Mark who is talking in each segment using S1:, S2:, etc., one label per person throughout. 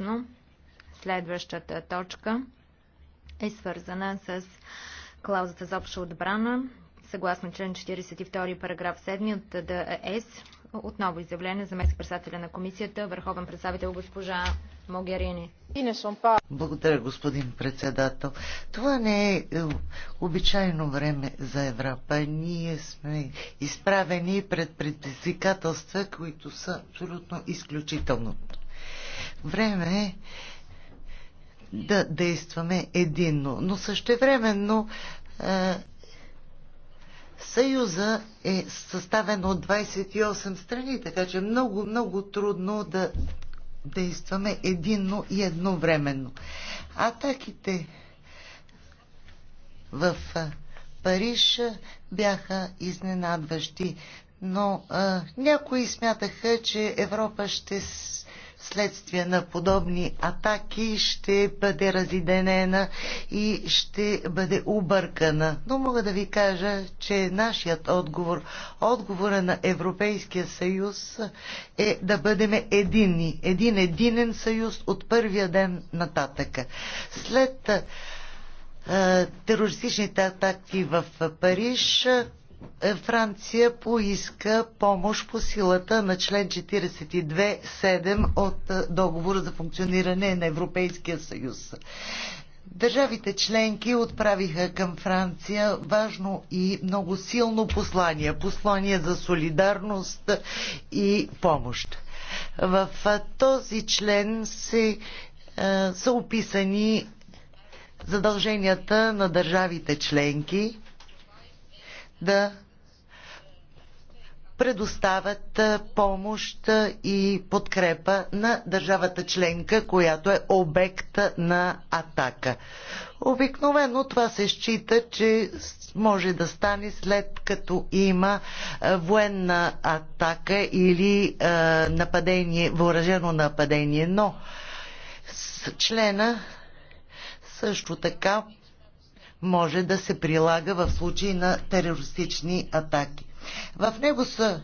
S1: Съответно, следващата точка е свързана с клаузата за обща отбрана, съгласно член 42, параграф 7 от ДЕС. Отново изявление за мест председателя на комисията, върховен представител госпожа Могерини.
S2: Благодаря, господин председател. Това не е, е обичайно време за Европа. Ние сме изправени пред предизвикателства, които са абсолютно изключително Време е да действаме единно, но същевременно е, Съюза е съставен от 28 страни, така че много, много трудно да действаме единно и едновременно. Атаките в е, Париж бяха изненадващи, но е, някои смятаха, че Европа ще следствие на подобни атаки ще бъде разиденена и ще бъде объркана. Но мога да ви кажа, че нашият отговор, отговора на Европейския съюз е да бъдем едини, Един единен съюз от първия ден нататъка. След терористичните атаки в Париж, е, Франция поиска помощ по силата на член 42.7 от е, договора за функциониране на Европейския съюз. Държавите членки отправиха към Франция важно и много силно послание. Послание за солидарност и помощ. В е, този член се, са описани задълженията на държавите членки да предоставят помощ и подкрепа на държавата членка, която е обект на атака. Обикновено това се счита, че може да стане след като има военна атака или нападение, въоръжено нападение, но члена също така може да се прилага в случай на терористични атаки. В него са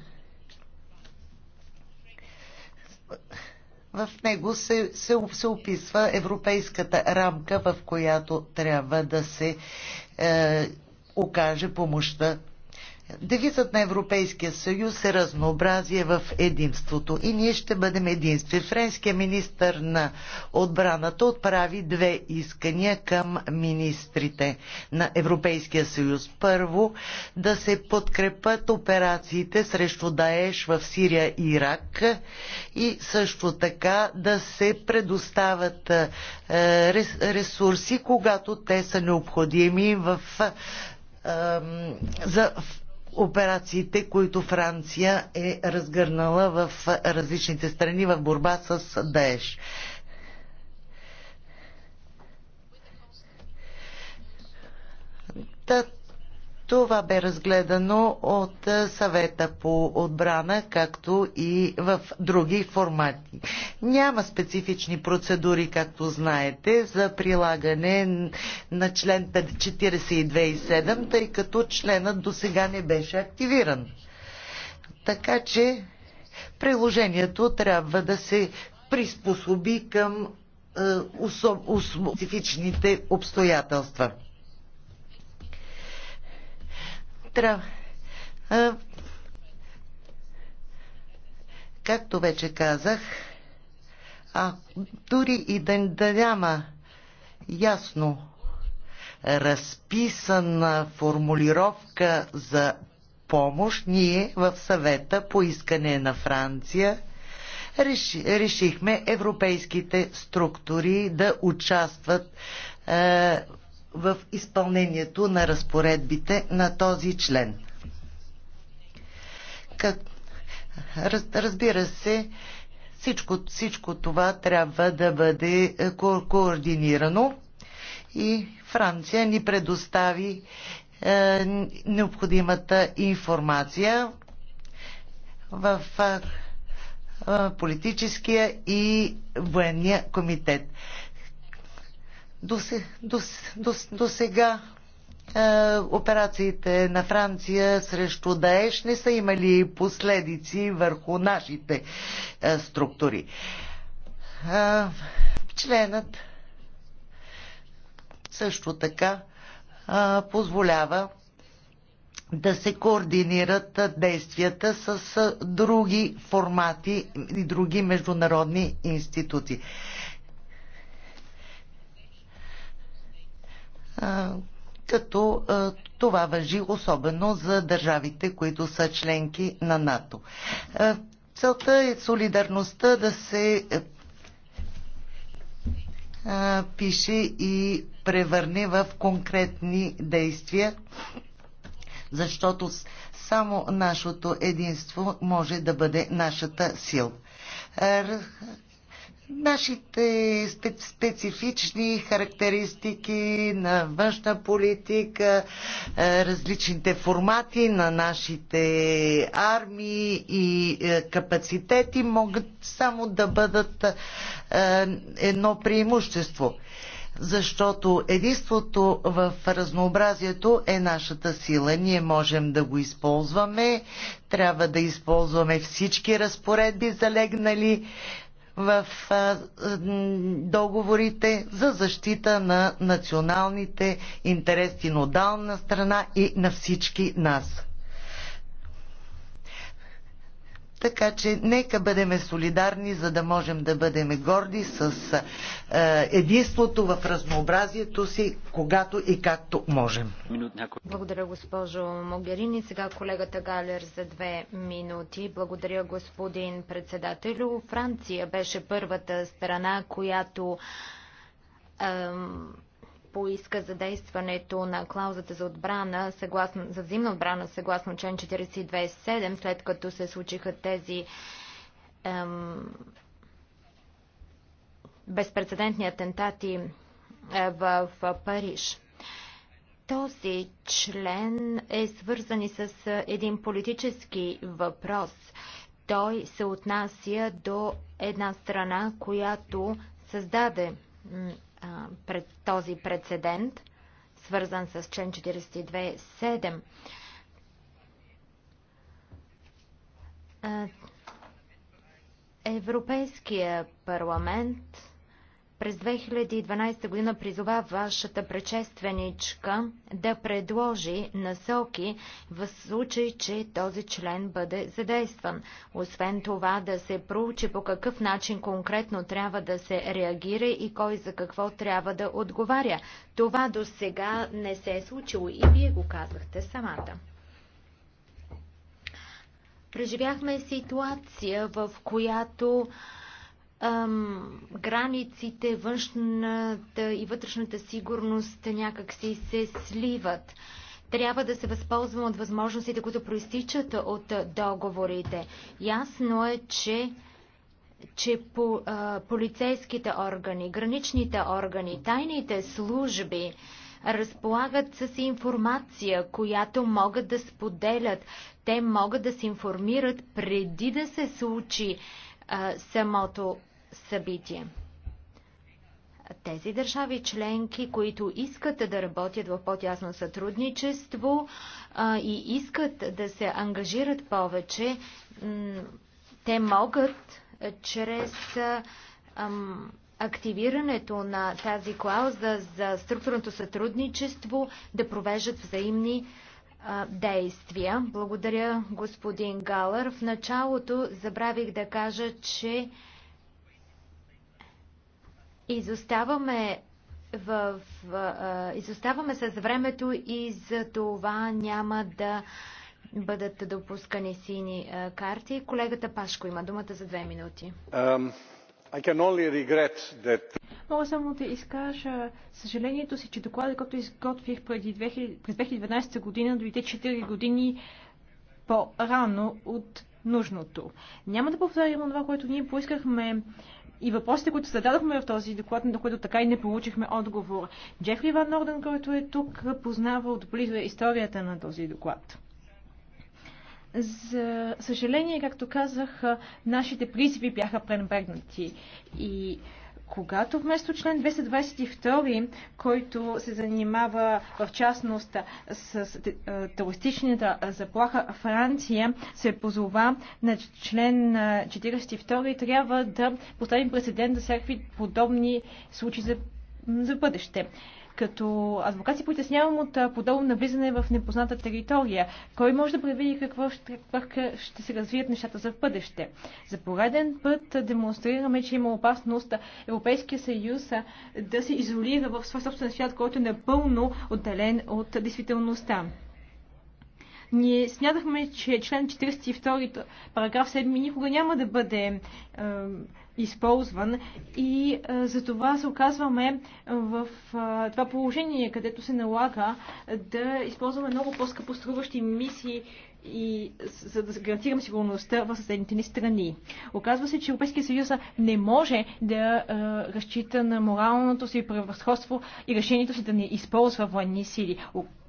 S2: в него се, се, се описва европейската рамка, в която трябва да се е, окаже помощта Девизът на Европейския съюз е разнообразие в единството и ние ще бъдем единствени. Френският министр на отбраната отправи две искания към министрите на Европейския съюз. Първо, да се подкрепят операциите срещу Даеш в Сирия и Ирак и също така да се предоставят е, ресурси, когато те са необходими в за операциите, които Франция е разгърнала в различните страни в борба с Даеш. Та, това бе разгледано от е, съвета по отбрана, както и в други формати. Няма специфични процедури, както знаете, за прилагане на член 427, тъй като членът до сега не беше активиран. Така че приложението трябва да се приспособи към е, специфичните обстоятелства. Трябва. Както вече казах, а дори и да, да няма ясно разписана формулировка за помощ, ние в съвета по искане на Франция реши, решихме европейските структури да участват е, в изпълнението на разпоредбите на този член. Как... Разбира се, всичко, всичко това трябва да бъде е, ко- координирано и Франция ни предостави е, необходимата информация в е, е политическия и военния комитет. До, до, до, до сега е, операциите на Франция срещу Даеш не са имали последици върху нашите е, структури. Е, членът също така е, позволява да се координират действията с други формати и други международни институции. като това въжи особено за държавите, които са членки на НАТО. Целта е солидарността да се пише и превърне в конкретни действия, защото само нашето единство може да бъде нашата сила. Нашите специфични характеристики на външна политика, е, различните формати на нашите армии и е, капацитети могат само да бъдат е, едно преимущество защото единството в разнообразието е нашата сила. Ние можем да го използваме, трябва да използваме всички разпоредби, залегнали в договорите за защита на националните интереси на отдална страна и на всички нас. Така че нека бъдем солидарни, за да можем да бъдем горди с е, единството в разнообразието си, когато и както можем.
S1: Благодаря, госпожо Могерини. Сега колегата Галер за две минути. Благодаря, господин председателю. Франция беше първата страна, която. Е, поиска задействането на клаузата за отбрана, съгласно, за взимна отбрана, съгласно член 42.7, след като се случиха тези ем, безпредседентни атентати е, в, в Париж. Този член е свързан и с е, един политически въпрос. Той се отнася до една страна, която създаде пред този прецедент, свързан с член 42.7. Европейския парламент през 2012 година призова вашата предшественичка да предложи насоки в случай, че този член бъде задействан. Освен това да се проучи по какъв начин конкретно трябва да се реагира и кой за какво трябва да отговаря. Това до сега не се е случило и вие го казахте самата. Преживяхме ситуация, в която ам, границите, външната и вътрешната сигурност някак си се сливат. Трябва да се възползвам от възможностите, които проистичат от договорите. Ясно е, че че по, а, полицейските органи, граничните органи, тайните служби разполагат с информация, която могат да споделят. Те могат да се информират преди да се случи а, самото събитие. Тези държави членки, които искат да работят в по-тясно сътрудничество и искат да се ангажират повече, те могат чрез активирането на тази клауза за структурното сътрудничество да провеждат взаимни действия. Благодаря, господин Галър. В началото забравих да кажа, че изоставаме в, изоставаме с времето и за това няма да бъдат допускани сини карти.
S3: Колегата Пашко има думата за две минути.
S4: Um... That...
S3: Мога само да изкажа съжалението си, че докладът, който изготвих преди 2000, през 2012 година, дойде 4 години по-рано от нужното. Няма да повторим това, което ние поискахме и въпросите, които зададохме в този доклад, на които така и не получихме отговор. Джефри Ван Норден, който е тук, познава отблизо историята на този доклад. За съжаление, както казах, нашите призиви бяха пренебрегнати. И когато вместо член 222, който се занимава в частност с терористичната заплаха Франция, се позова на член 42, трябва да поставим прецедент за всякакви подобни случаи за, за бъдеще. Като адвокат си притеснявам от подобно навлизане в непозната територия. Кой може да предвиди какво ще се развият нещата за бъдеще? За пореден път демонстрираме, че има опасност Европейския съюз да се изолира в своя собствен свят, който е напълно отделен от действителността. Ние смятахме, че член 42, параграф 7 никога няма да бъде е, използван и за това се оказваме в това положение, където се налага да използваме много по скъпоструващи мисии и за да гарантираме сигурността в съседните ни страни. Оказва се, че Европейския съюз не може да а, разчита на моралното си превъзходство и решението си да не използва военни сили.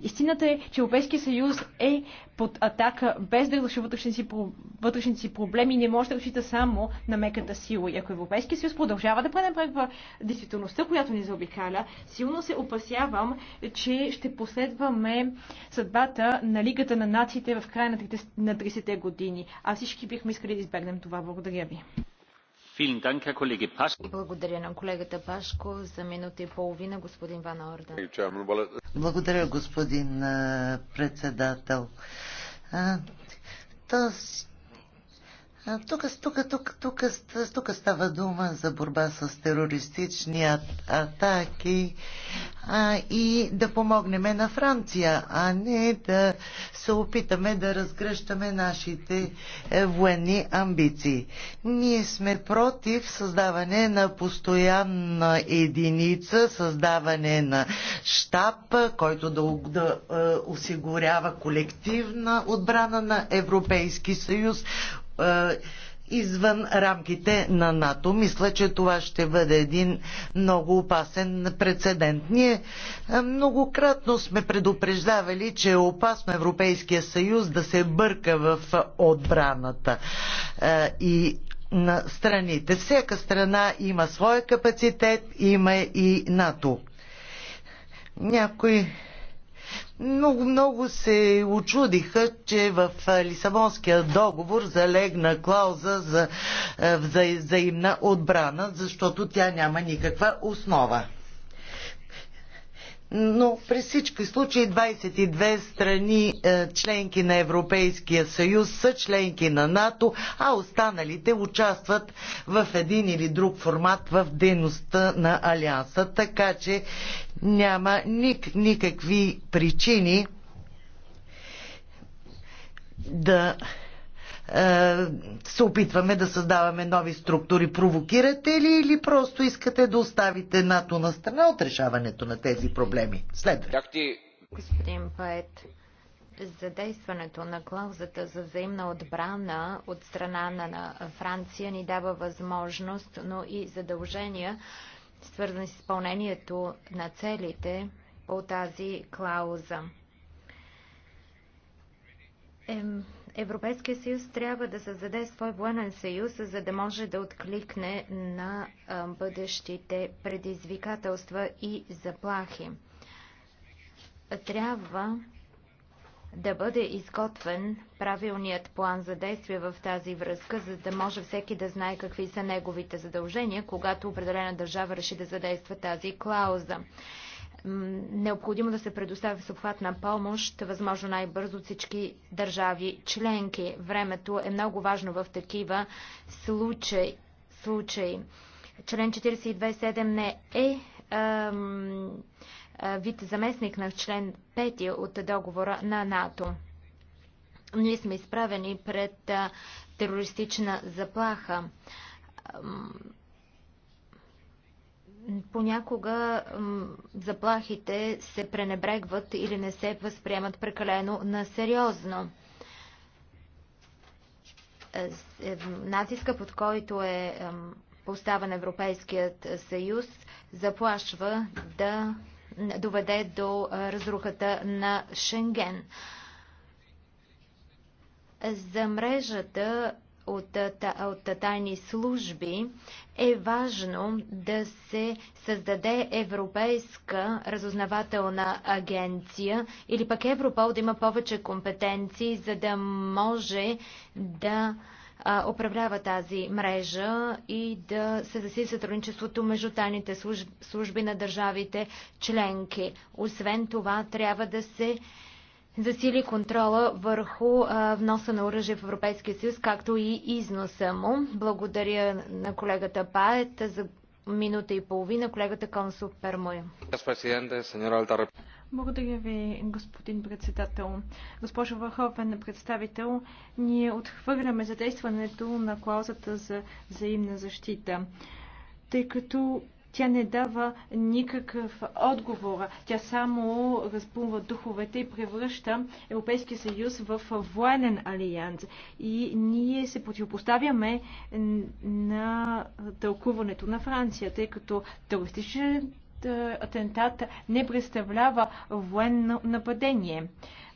S3: Истината е, че Европейския съюз е под атака, без да реши вътрешните си, си проблеми и не може да решите само на меката сила. И ако Европейския съюз продължава да пренебрегва действителността, която ни заобикаля, силно се опасявам, че ще последваме съдбата на Лигата на нациите в края на 30-те години. А всички бихме искали да избегнем това. Благодаря ви. Благодаря на колегата
S1: Пашко. За минута и половина господин Ван Орден.
S2: Благодаря, господин председател. Този тук, тук, тук, тук, тук става дума за борба с терористични атаки а, и да помогнем на Франция, а не да се опитаме да разгръщаме нашите е, военни амбиции. Ние сме против създаване на постоянна единица, създаване на щаб, който да, да е, осигурява колективна отбрана на Европейски съюз, е, извън рамките на НАТО. Мисля, че това ще бъде един много опасен прецедент. Ние е, многократно сме предупреждавали, че е опасно Европейския съюз да се бърка в отбраната е, и на страните. Всяка страна има своя капацитет, има и НАТО. Някои много, много се очудиха, че в Лисабонския договор залегна клауза за взаимна отбрана, защото тя няма никаква основа но при всички случаи 22 страни е, членки на Европейския съюз са членки на НАТО, а останалите участват в един или друг формат в дейността на Алианса. Така че няма ник- никакви причини да е, се опитваме да създаваме нови структури. Провокирате ли или просто искате да оставите НАТО на страна от решаването на тези проблеми? Следва.
S1: Как ти... Господин Пает, задействането на клаузата за взаимна отбрана от страна на Франция ни дава възможност, но и задължения, свързани с изпълнението на целите по тази клауза. Ем Европейския съюз трябва да създаде свой военен съюз, за да може да откликне на бъдещите предизвикателства и заплахи. Трябва да бъде изготвен правилният план за действие в тази връзка, за да може всеки да знае какви са неговите задължения, когато определена държава реши да задейства тази клауза необходимо да се предостави съхватна помощ, възможно най-бързо от всички държави членки. Времето е много важно в такива случаи. случаи. Член 42.7 не е вид заместник на член 5 от договора на НАТО. Ние сме изправени пред терористична заплаха. Понякога заплахите се пренебрегват или не се възприемат прекалено на сериозно. Е, е, натиска, под който е поставен Европейският съюз, заплашва да доведе до е, разрухата на Шенген. За мрежата от, от тайни служби, е важно да се създаде Европейска разузнавателна агенция или пък Европол да има повече компетенции, за да може да а, управлява тази мрежа и да се засили сътрудничеството между тайните служби, служби на държавите членки. Освен това, трябва да се засили контрола върху вноса на оръжие в Европейския съюз, както и износа му. Благодаря на колегата Пает за минута и половина,
S3: колегата Консул Пермоя. Благодаря ви, господин председател. Госпожо Върховен представител, ние отхвърляме задействането на клаузата за взаимна защита, тъй като тя не дава никакъв отговор. Тя само разпумва духовете и превръща Европейския съюз в военен алианс. И ние се противопоставяме на тълкуването на Франция, тъй като терористичен атентат не представлява военно нападение.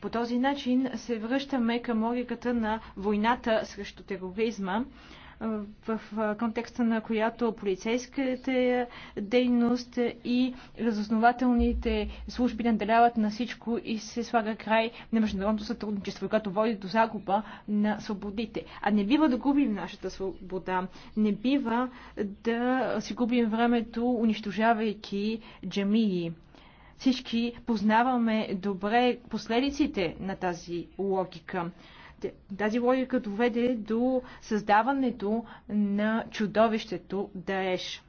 S3: По този начин се връщаме към логиката на войната срещу тероризма, в контекста на която полицейската дейност и разоснователните служби наделяват на всичко и се слага край на международното сътрудничество, което води до загуба на свободите. А не бива да губим нашата свобода. Не бива да си губим времето, унищожавайки джамии всички познаваме добре последиците на тази логика. Тази логика доведе до създаването на чудовището Даеш.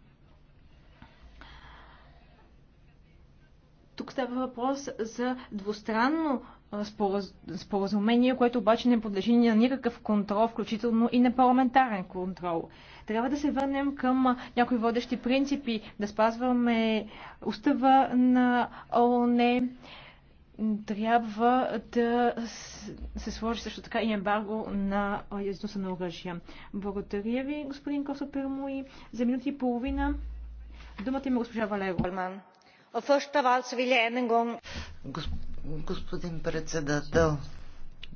S3: Тук става въпрос за двустранно споразумение, което обаче не подлежи на никакъв контрол, включително и на парламентарен контрол. Трябва да се върнем към някои водещи принципи, да спазваме устава на ООН, трябва да се сложи също така и ембарго на износа на оръжия. Благодаря ви, господин Косо Пермуи. За минути и половина думата има госпожа Валеро. Е Госп... Господин
S2: председател,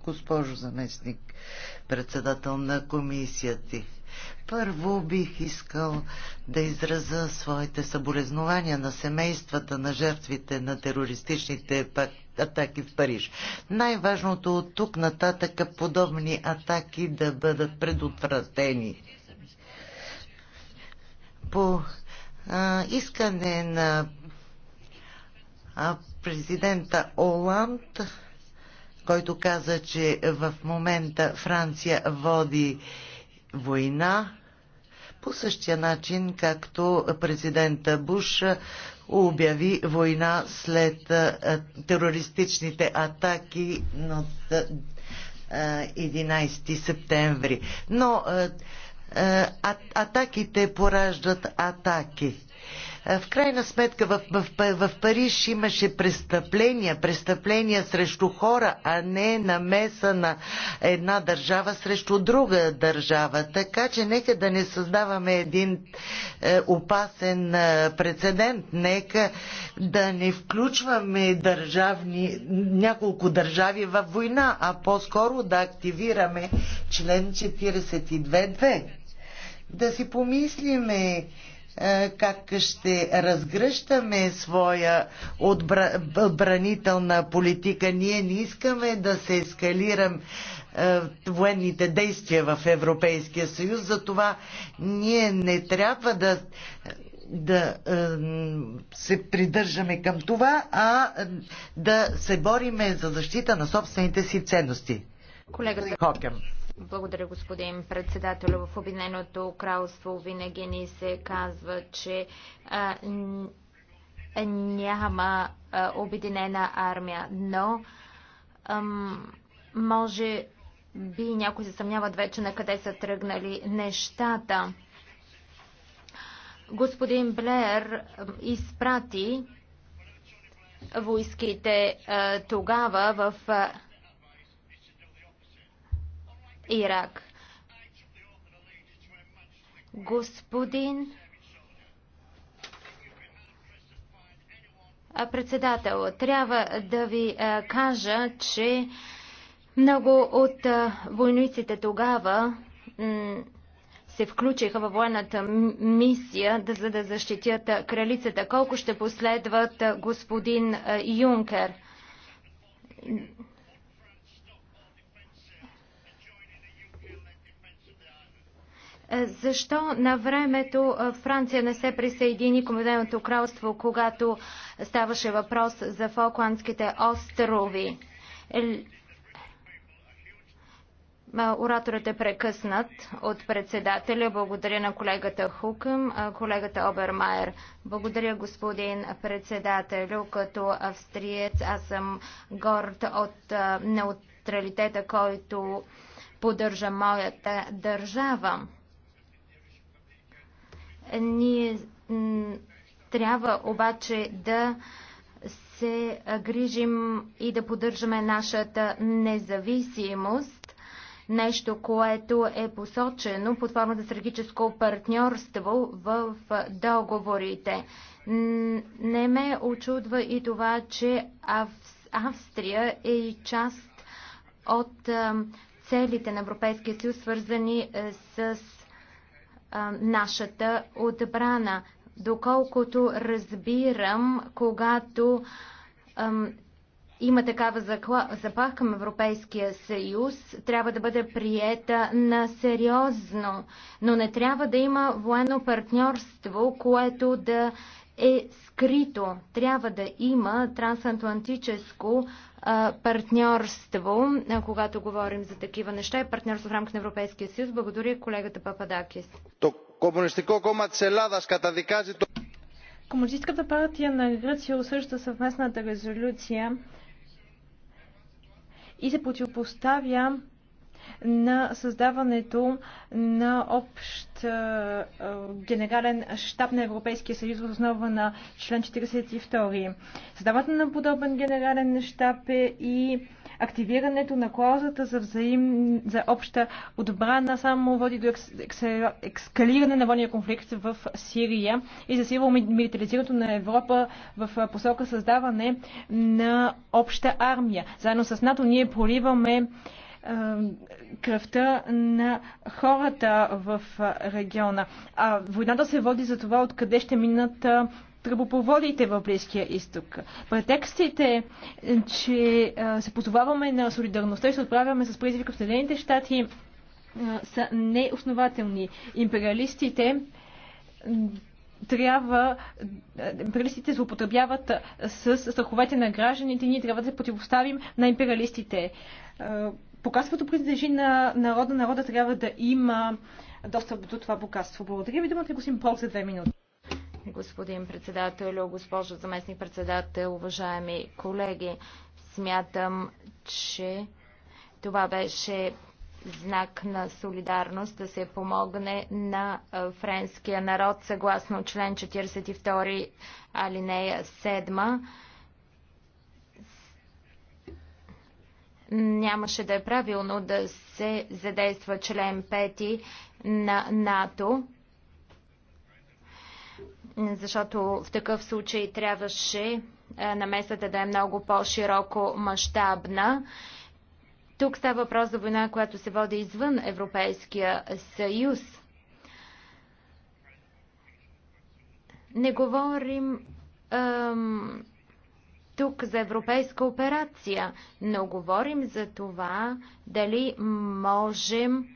S2: госпожо заместник, председател на комисията. Първо бих искал да израза своите съболезнования на семействата на жертвите на терористичните пакти атаки в Париж. Най-важното от тук нататък е подобни атаки да бъдат предотвратени. По а, искане на а, президента Оланд, който каза, че в момента Франция води война, по същия начин, както президента Буш обяви война след терористичните атаки от 11 септември. Но атаките пораждат атаки. В крайна сметка в, в, в Париж имаше престъпления, престъпления срещу хора, а не намеса на една държава срещу друга държава. Така че нека да не създаваме един е, опасен е, прецедент, нека да не включваме държавни, няколко държави в война, а по-скоро да активираме член 42.2. Да си помислиме е, как ще разгръщаме своя отбранителна политика. Ние не искаме да се ескалирам е, военните действия в Европейския съюз, затова ние не трябва да да е, се придържаме към това, а да се бориме за защита на собствените си ценности. Колега Хокем.
S1: Благодаря, господин председател. В Обединеното кралство винаги ни се казва, че а, няма а, обединена армия, но ам, може би някои се съмняват вече на къде са тръгнали нещата. Господин Блеер изпрати войските а, тогава в. А, Ирак. Господин председател, трябва да ви е, кажа, че много от е, войниците тогава се включиха във военната мисия, да, за да защитят е, кралицата. Колко ще последват господин Юнкер? Е, защо на времето е, Франция не се присъедини към Обединеното кралство, когато ставаше въпрос за Фолкландските острови? Е, ораторът е прекъснат от председателя. Благодаря на колегата Хукъм, колегата Обермайер. Благодаря, господин председател, Като австриец аз съм горд от неутралитета, който поддържа моята държава. Ние трябва обаче да се грижим и да поддържаме нашата независимост, нещо, което е посочено под формата стратегическо партньорство в договорите. Не ме очудва и това, че Австрия е и част от целите на Европейския съюз, свързани е, с нашата отбрана. Доколкото разбирам, когато ам, има такава запах към Европейския съюз, трябва да бъде приета на сериозно, но не трябва да има военно партньорство, което да е скрито. Трябва да има трансатлантическо партньорство, когато говорим за такива неща, и е партньорство в рамките на Европейския съюз. Благодаря
S3: колегата Пападакис. Комунистическата партия на Гръция осъжда съвместната резолюция и се противопоставя на създаването на общ генерален щаб на Европейския съюз в основа на член 42. Създаването на подобен генерален щаб е и активирането на клаузата за, взаим, за обща отбрана само води до екс, екс, екскалиране на военния конфликт в Сирия и засилва милитаризирането на Европа в посока създаване на обща армия. Заедно с НАТО ние проливаме кръвта на хората в региона. А войната се води за това откъде ще минат тръбопроводите в Близкия изток. Претекстите, че се позоваваме на солидарността и се отправяме с призиви към Съединените щати са неоснователни. Империалистите трябва, империалистите злоупотребяват с страховете на гражданите, ние трябва да се противоставим на империалистите богатството принадлежи на народа. Народа трябва да има достъп до това богатство. Благодаря ви, думата е господин Бог за две минути. Господин
S1: председател, госпожо заместник председател, уважаеми колеги, смятам, че това беше знак на солидарност да се помогне на френския народ съгласно член 42 алинея 7 нямаше да е правилно да се задейства член 5 на НАТО, защото в такъв случай трябваше намесата да е много по-широко мащабна. Тук става въпрос за война, която се води извън Европейския съюз. Не говорим тук за европейска операция, но говорим за това дали можем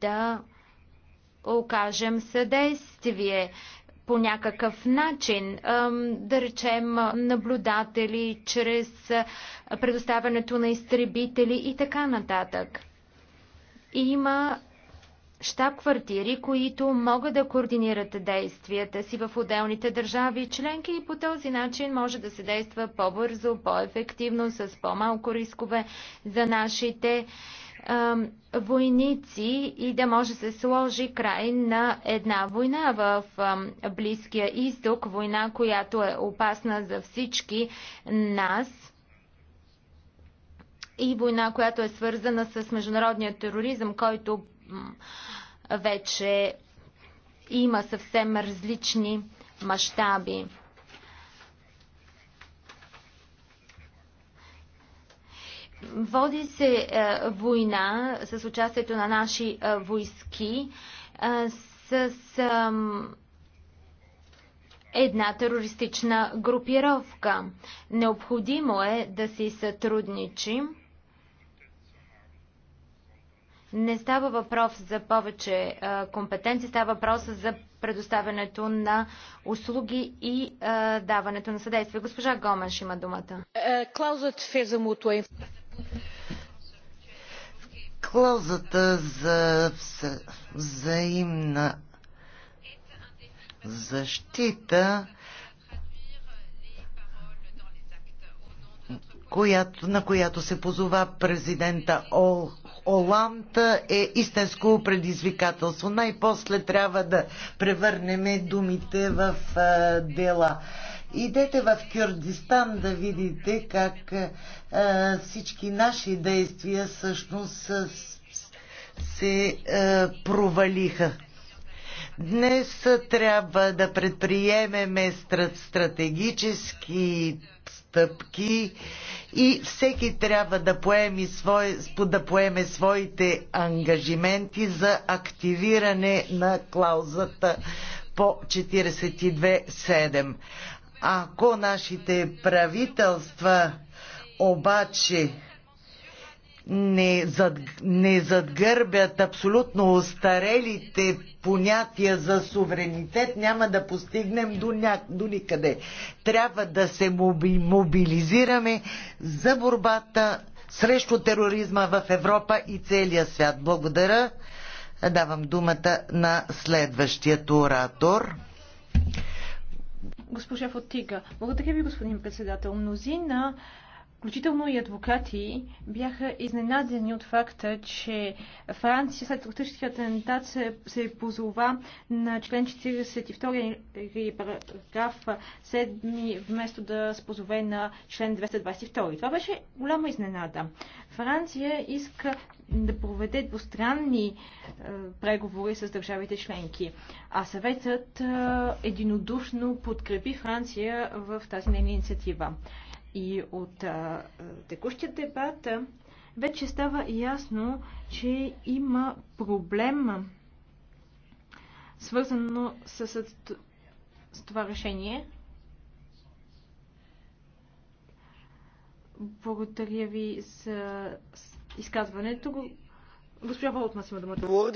S1: да окажем съдействие по някакъв начин, да речем наблюдатели, чрез предоставянето на изтребители и така нататък. Има штаб квартири които могат да координират действията си в отделните държави членки и по този начин може да се действа по-бързо, по-ефективно, с по-малко рискове за нашите э, войници и да може да се сложи край на една война в э, Близкия изток, война, която е опасна за всички нас и война, която е свързана с международния тероризъм, който вече има съвсем различни мащаби. Води се е, война с участието на наши е, войски е, с една терористична групировка. Необходимо е да си сътрудничим. Не става въпрос за повече компетенции, става въпрос за предоставянето на услуги и даването на съдействие. Госпожа Гоменш има думата. Е,
S3: е, Клаузът Феза Мутуа.
S2: Клаузата за взаимна защита която, на която се позова президента Ол Оланд е истинско предизвикателство. Най-после трябва да превърнем думите в дела. Идете в Кюрдистан да видите как всички наши действия всъщност се провалиха. Днес трябва да предприемеме стратегически стъпки и всеки трябва да поеме, свой, да поеме своите ангажименти за активиране на клаузата по 42.7. Ако нашите правителства обаче не, зад, не задгърбят абсолютно устарелите понятия за суверенитет, няма да постигнем до, ня, до никъде. Трябва да се мобилизираме за борбата срещу тероризма в Европа и целия свят. Благодаря. Давам думата на следващият оратор.
S3: Госпожа Фотига, благодаря ви, господин председател. Мнозина включително и адвокати, бяха изненадени от факта, че Франция след същия атентат се, се позова на член 42 параграф 7, вместо да се позове на член 222. Това беше голяма изненада. Франция иска да проведе двустранни е, преговори с държавите членки. А съветът е, единодушно подкрепи Франция в тази нейна инициатива и от а, текущия дебат, вече става ясно, че има проблем, свързано с, с, с това решение. Благодаря ви за изказването. Госпожа Волтмас има думата.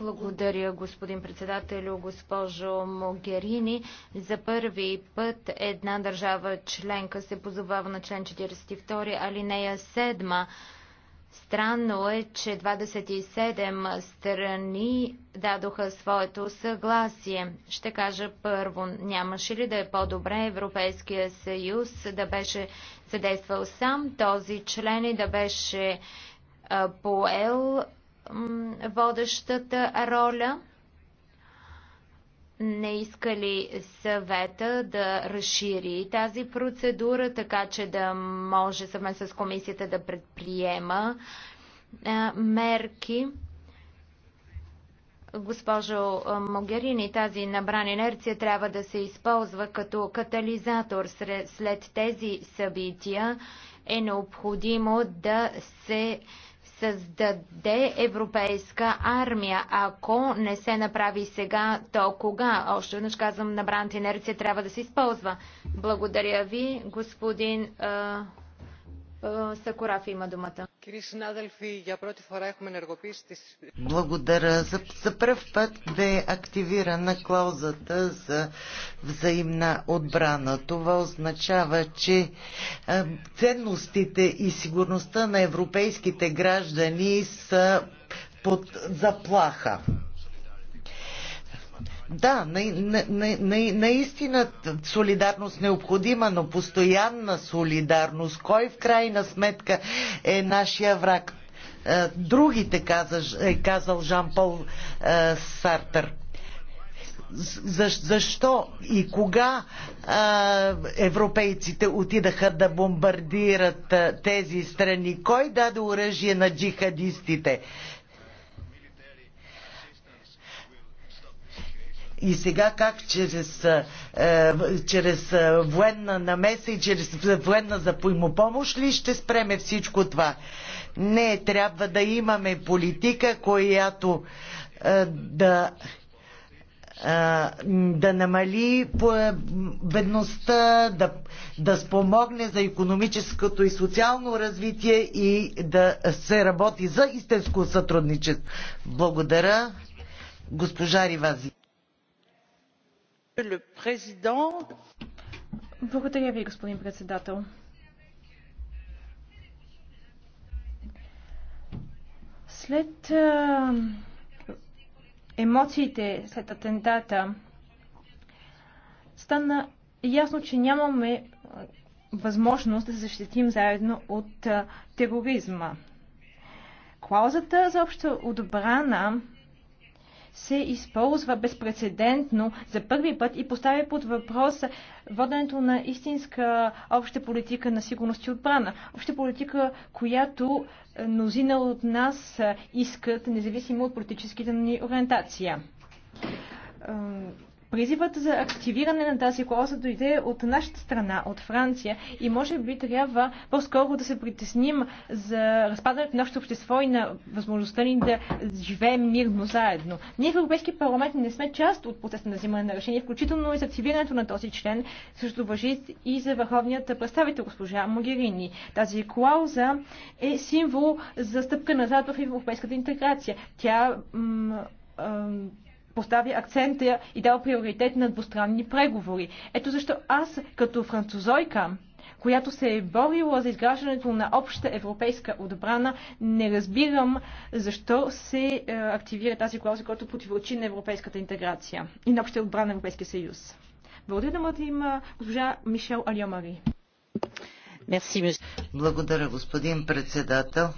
S1: Благодаря, господин председателю, госпожо Могерини. За първи път една държава членка се позовава на член 42, алинея 7. Странно е, че 27 страни дадоха своето съгласие. Ще кажа първо, нямаше ли да е по-добре Европейския съюз да беше съдействал сам този член и да беше поел водещата роля. Не иска ли съвета да разшири тази процедура, така че да може съвмен с комисията да предприема мерки? Госпожо Могерини, тази набрана инерция трябва да се използва като катализатор. След тези събития е необходимо да се създаде европейска армия. Ако не се направи сега, то кога? Още веднъж казвам, набраната инерция трябва да се използва. Благодаря ви, господин. Е, Сакораф има думата.
S2: Благодаря. За, за първ път бе активирана клаузата за взаимна отбрана. Това означава, че е, ценностите и сигурността на европейските граждани са под заплаха. Да, на, на, на, наистина солидарност необходима, но постоянна солидарност. Кой в крайна сметка е нашия враг? Е, другите, каза, е казал Жан-Пол е, Сартер. защо и кога а, е, европейците отидаха да бомбардират а, е, тези страни? Кой даде оръжие на джихадистите? И сега как чрез, е, е чрез е, военна намеса и чрез военна запоимопомощ ли ще спреме всичко това? Не, трябва да имаме политика, която е, да е, да намали бедността, да, да спомогне за економическото и социално развитие и да се работи за истинско сътрудничество. Благодаря, госпожа Ривази.
S3: Благодаря ви, господин председател. След емоциите след атентата стана ясно, че нямаме възможност да се защитим заедно от тероризма. Клаузата за обща отбрана се използва безпредседентно за първи път и поставя под въпрос воденето на истинска обща политика на сигурност и отбрана. Обща политика, която мнозина от нас искат, независимо от политическите ни ориентация Призивът за активиране на тази клауза дойде от нашата страна, от Франция и може би трябва по-скоро да се притесним за разпадането на нашето общество и на възможността ни да живеем мирно заедно. Ние в Европейски парламент не сме част от процеса на взимане на решение, включително и за активирането на този член, също въжи и за върховният представител госпожа Могерини. Тази клауза е символ за стъпка назад в европейската интеграция. Тя поставя акцента и дава приоритет на двустранни преговори. Ето защо аз, като французойка, която се е борила за изграждането на обща европейска отбрана, не разбирам защо се е, активира тази клауза, която противоречи на европейската интеграция и на обща отбрана на Европейския съюз. Благодаря думата има госпожа Мишел Алиомари.
S2: Благодаря, господин председател.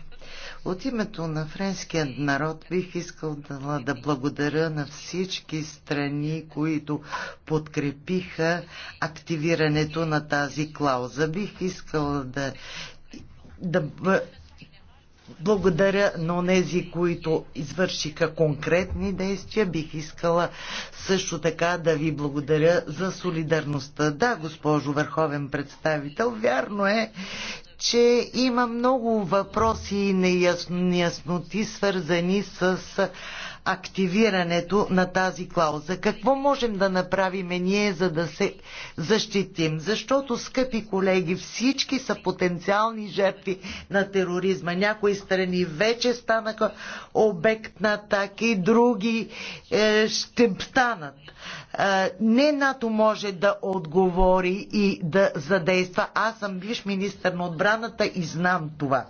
S2: От името на френския народ бих искал да, да благодаря на всички страни, които подкрепиха активирането на тази клауза. Бих искал да да благодаря на тези, които извършиха конкретни действия. Бих искала също така да ви благодаря за солидарността. Да, госпожо Върховен представител, вярно е, че има много въпроси и неясноти, свързани с активирането на тази клауза. Какво можем да направим ние, за да се защитим? Защото, скъпи колеги, всички са потенциални жертви на тероризма. Някои страни вече станаха обект на атаки, други е, ще станат. Е, не НАТО може да отговори и да задейства. Аз съм бивш министър на отбраната и знам това.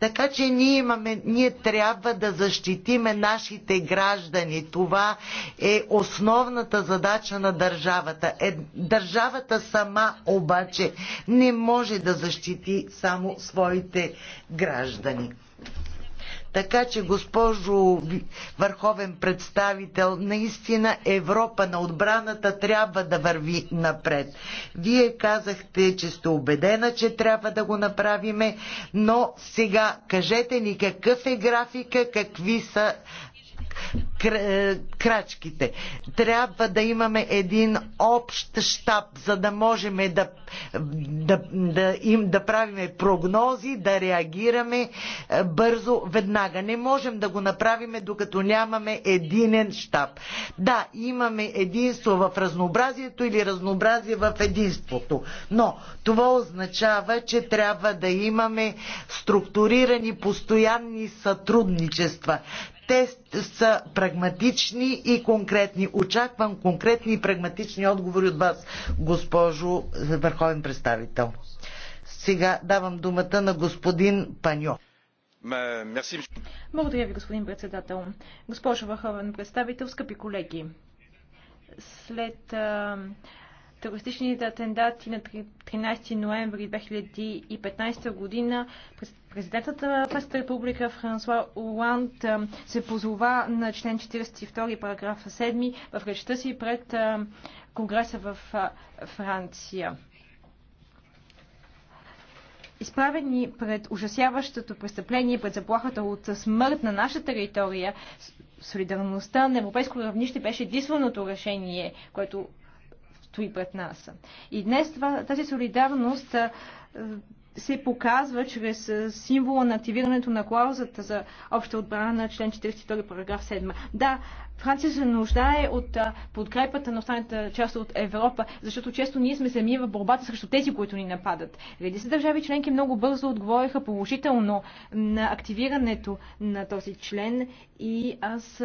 S2: Така че ние, имаме, ние трябва да защитиме нашите граждани. Това е основната задача на държавата. Е, държавата сама обаче не може да защити само своите граждани. Така че, госпожо върховен представител, наистина Европа на отбраната трябва да върви напред. Вие казахте, че сте убедена, че трябва да го направиме, но сега кажете ни какъв е графика, какви са е, крачките. Трябва да имаме един общ щаб, за да можем да, да, да, им, да правиме прогнози, да реагираме е, бързо, веднага. Не можем да го направим, докато нямаме единен щаб. Да, имаме единство в разнообразието или разнообразие в единството. Но това означава, че трябва да имаме структурирани постоянни сътрудничества. Те са прагматични и конкретни. Очаквам конкретни и прагматични отговори от вас, госпожо върховен представител. Сега давам думата на господин Паньо.
S3: Благодаря ви, господин председател. Госпожо върховен представител, скъпи колеги. След терористичните атентати на 13 ноември 2015 година президентът на Френската република Франсуа Оланд се позова на член 42 параграф 7 в речта си пред Конгреса в Франция. Изправени пред ужасяващото престъпление, пред заплахата от смърт на наша територия, солидарността на европейско равнище беше единственото решение, което стои пред нас. И днес това, тази солидарност се показва чрез символа на активирането на клаузата за обща отбрана на член 42 параграф 7. Да, Франция се нуждае от подкрепата на останалата част от Европа, защото често ние сме сами в борбата срещу тези, които ни нападат. Реди се държави членки много бързо отговориха положително на активирането на този член и аз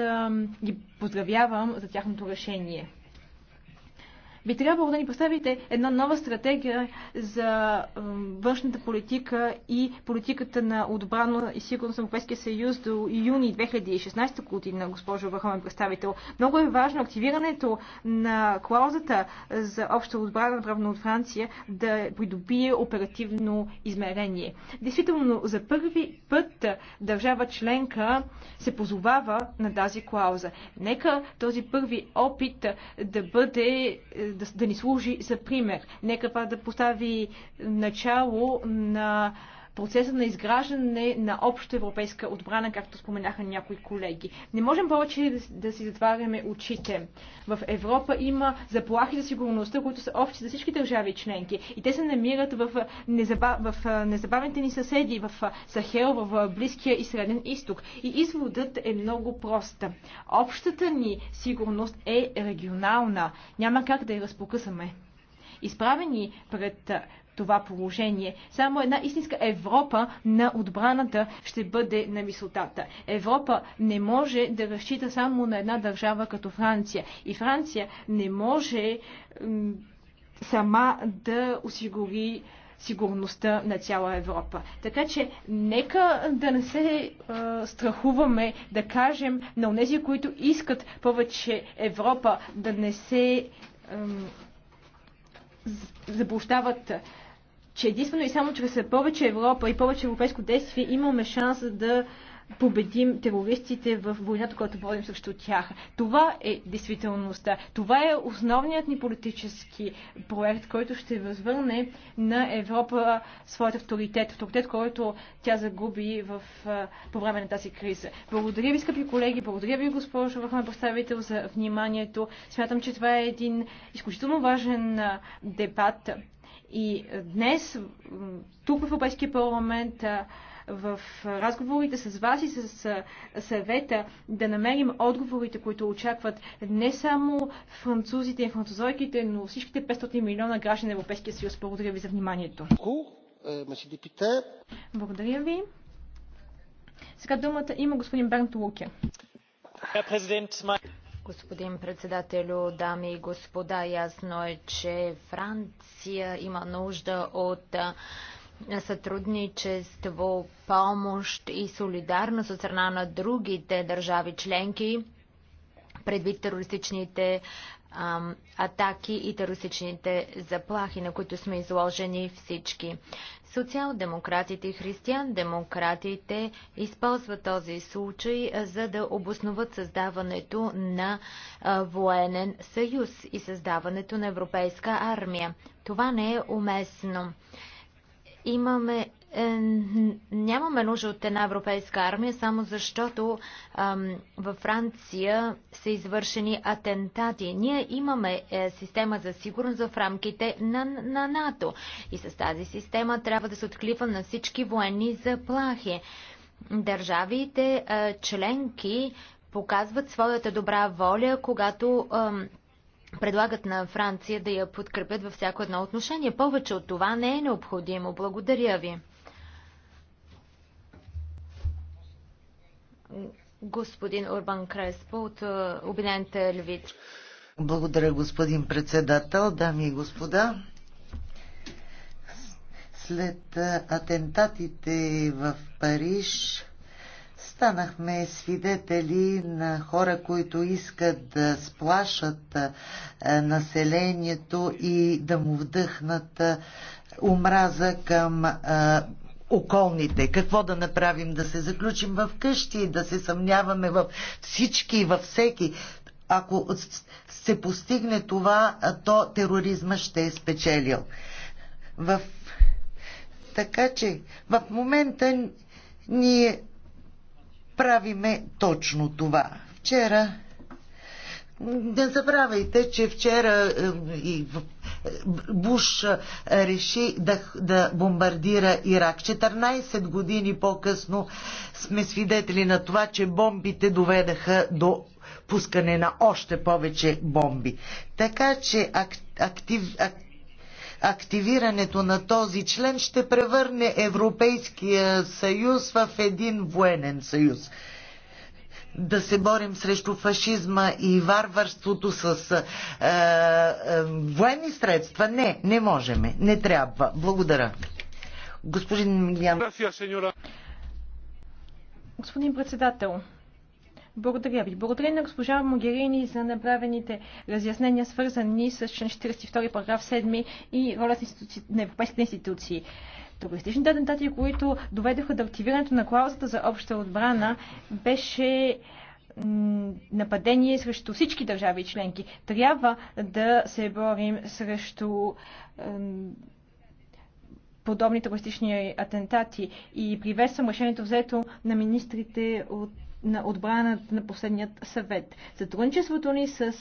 S3: ги поздравявам за тяхното решение. Би трябвало да ни представите една нова стратегия за външната политика и политиката на отбрано и сигурност на Европейския съюз до юни 2016 година, госпожо Върховен представител. Много е важно активирането на клаузата за обща отбрана, направена от Франция, да придобие оперативно измерение. Действително, за първи път държава членка се позовава на тази клауза. Нека този първи опит да бъде е, да, да ни служи за пример. Нека това да постави начало на процеса на изграждане на обща европейска отбрана, както споменаха някои колеги. Не можем повече да, да си затваряме очите. В Европа има заплахи за сигурността, които са общи за всички държави членки. И те се намират в, незабав... в незабавните ни съседи, в Сахел, в Близкия и Среден изток. И изводът е много прост. Общата ни сигурност е регионална. Няма как да я разпокъсаме. Изправени пред това положение. Само една истинска Европа на отбраната ще бъде на мисълтата. Европа не може да разчита само на една държава като Франция. И Франция не може сама да осигури сигурността на цяла Европа. Така че нека да не се е, страхуваме да кажем на онези, които искат повече Европа, да не се е, заблуждават че единствено и само чрез повече Европа и повече европейско действие имаме шанс да победим терористите в войната, която водим срещу тях. Това е действителността. Това е основният ни политически проект, който ще възвърне на Европа своят авторитет. Авторитет, който тя загуби в, по време на тази криза. Благодаря ви, скъпи колеги, благодаря ви, госпожо Върховен представител, за вниманието. Смятам, че това е един изключително важен дебат и днес, тук в Европейския парламент, в разговорите с вас и с съвета да намерим отговорите, които очакват не само французите и французойките, но всичките 500 милиона граждани на Европейския съюз. Благодаря ви за вниманието. Благодаря ви. Сега думата има господин Бернт Луке.
S1: Господин председателю, дами и господа, ясно е, че Франция има нужда от сътрудничество, помощ и солидарност от страна на другите държави членки предвид терористичните атаки и терористичните заплахи, на които сме изложени всички. Социал-демократите и християн-демократите използват този случай, за да обосноват създаването на военен съюз и създаването на европейска армия. Това не е уместно. Имаме е, нямаме нужда от една европейска армия, само защото ам, във Франция са извършени атентати. Ние имаме е, система за сигурност в рамките на, на НАТО и с тази система трябва да се откликва на всички военни заплахи. Държавите е, членки показват своята добра воля, когато ам, предлагат на Франция да я подкрепят във всяко едно отношение. Повече от това не е необходимо. Благодаря ви. господин Урбан Креспо от е, Обединените левици.
S2: Благодаря, господин председател, дами и господа. След е, атентатите в Париж станахме свидетели на хора, които искат да сплашат е, населението и да му вдъхнат омраза към околните, какво да направим, да се заключим в къщи, да се съмняваме в всички и във всеки. Ако се постигне това, то тероризма ще е спечелил. В... Така че в момента ние правиме точно това. Вчера не забравяйте, че вчера и в Буш е, реши да, да бомбардира Ирак. 14 години по-късно сме свидетели на това, че бомбите доведаха до пускане на още повече бомби. Така че актив, активирането на този член ще превърне Европейския съюз в един военен съюз да се борим срещу фашизма и варварството с е, е, военни средства. Не, не можеме. Не трябва. Благодаря. Господин Милиан.
S3: Господин председател, благодаря ви. Благодаря на госпожа Могерини за направените разяснения, свързани с член 42 параграф 7 и ролята на европейските институции. Терористичните атентати, които доведоха до активирането на клаузата за обща отбрана, беше нападение срещу всички държави членки. Трябва да се борим срещу подобни терористични атентати и приветствам решението взето на министрите от на отбраната на последният съвет. Сътрудничеството ни с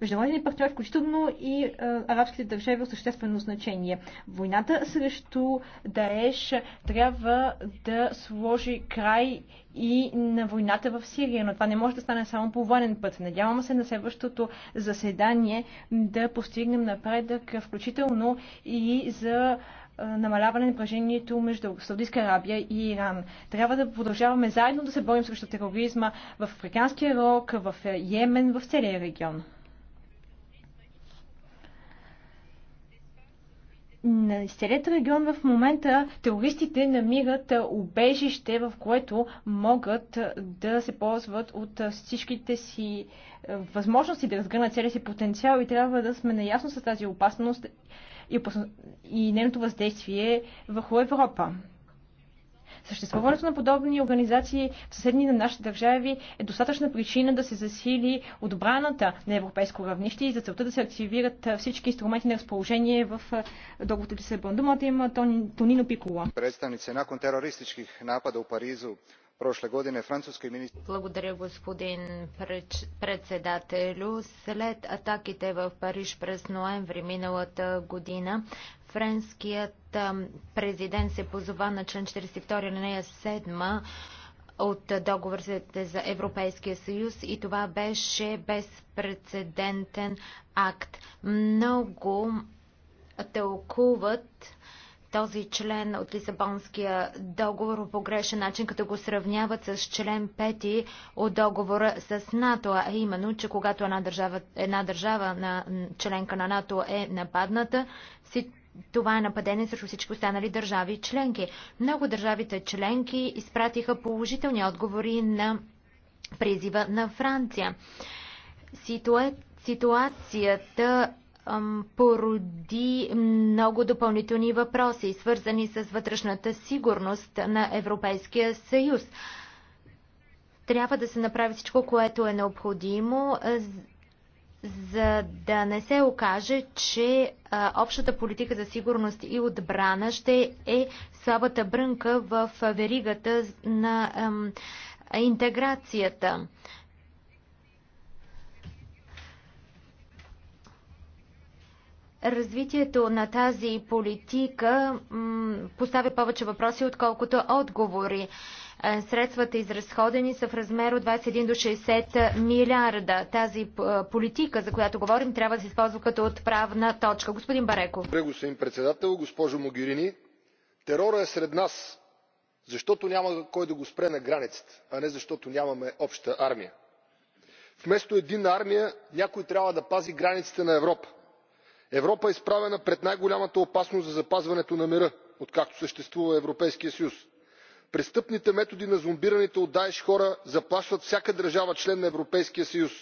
S3: международни партньори, включително и арабските държави, е съществено значение. Войната срещу Даеш трябва да сложи край и на войната в Сирия, но това не може да стане само по военен път. Надявам се на следващото заседание да постигнем напредък, включително и за намаляване на напрежението между Саудитска Арабия и Иран. Трябва да продължаваме заедно да се борим срещу тероризма в Африканския рог, в Йемен, в целия регион. на целият регион в момента терористите намират убежище, в което могат да се ползват от всичките си възможности да разгърнат целия си потенциал и трябва да сме наясно с тази опасност и, и нейното въздействие върху Европа. Съществуването на подобни организации в съседни на нашите държави е достатъчна причина да се засили отбраната на европейско равнище и за целта да се активират всички инструменти на разположение в договорите Лисабон. Думата има Тонино Пикола.
S5: Представници након терористичких напада в Паризу, Прошле године министр...
S1: Благодаря, господин председателю. След атаките в Париж през ноември миналата година, френският президент се позова на член 42 на нея 7 от договорите за Европейския съюз и това беше безпредседентен акт. Много тълкуват този член от Лисабонския договор по грешен начин, като го сравняват с член 5 от договора с НАТО, а именно, че когато една държава, една държава на членка на НАТО е нападната, си това е нападение срещу всички останали държави членки. Много държавите членки изпратиха положителни отговори на призива на Франция. Ситуацията породи много допълнителни въпроси, свързани с вътрешната сигурност на Европейския съюз. Трябва да се направи всичко, което е необходимо, за да не се окаже, че общата политика за сигурност и отбрана ще е слабата брънка в веригата на интеграцията. Развитието на тази политика поставя повече въпроси, отколкото отговори. Е, средствата изразходени са в размер от 21 до 60 милиарда. Тази е, политика, за която говорим, трябва да се използва като отправна точка. Господин Бареко,
S5: Добре, господин председател, госпожо Могирини. Терора е сред нас, защото няма кой да го спре на границата, а не защото нямаме обща армия. Вместо единна армия някой трябва да пази границите на Европа европа е изправена пред най голямата опасност за запазването на мира откакто съществува европейският съюз. престъпните методи на зомбираните от даеш хора заплашват всяка държава член на европейския съюз.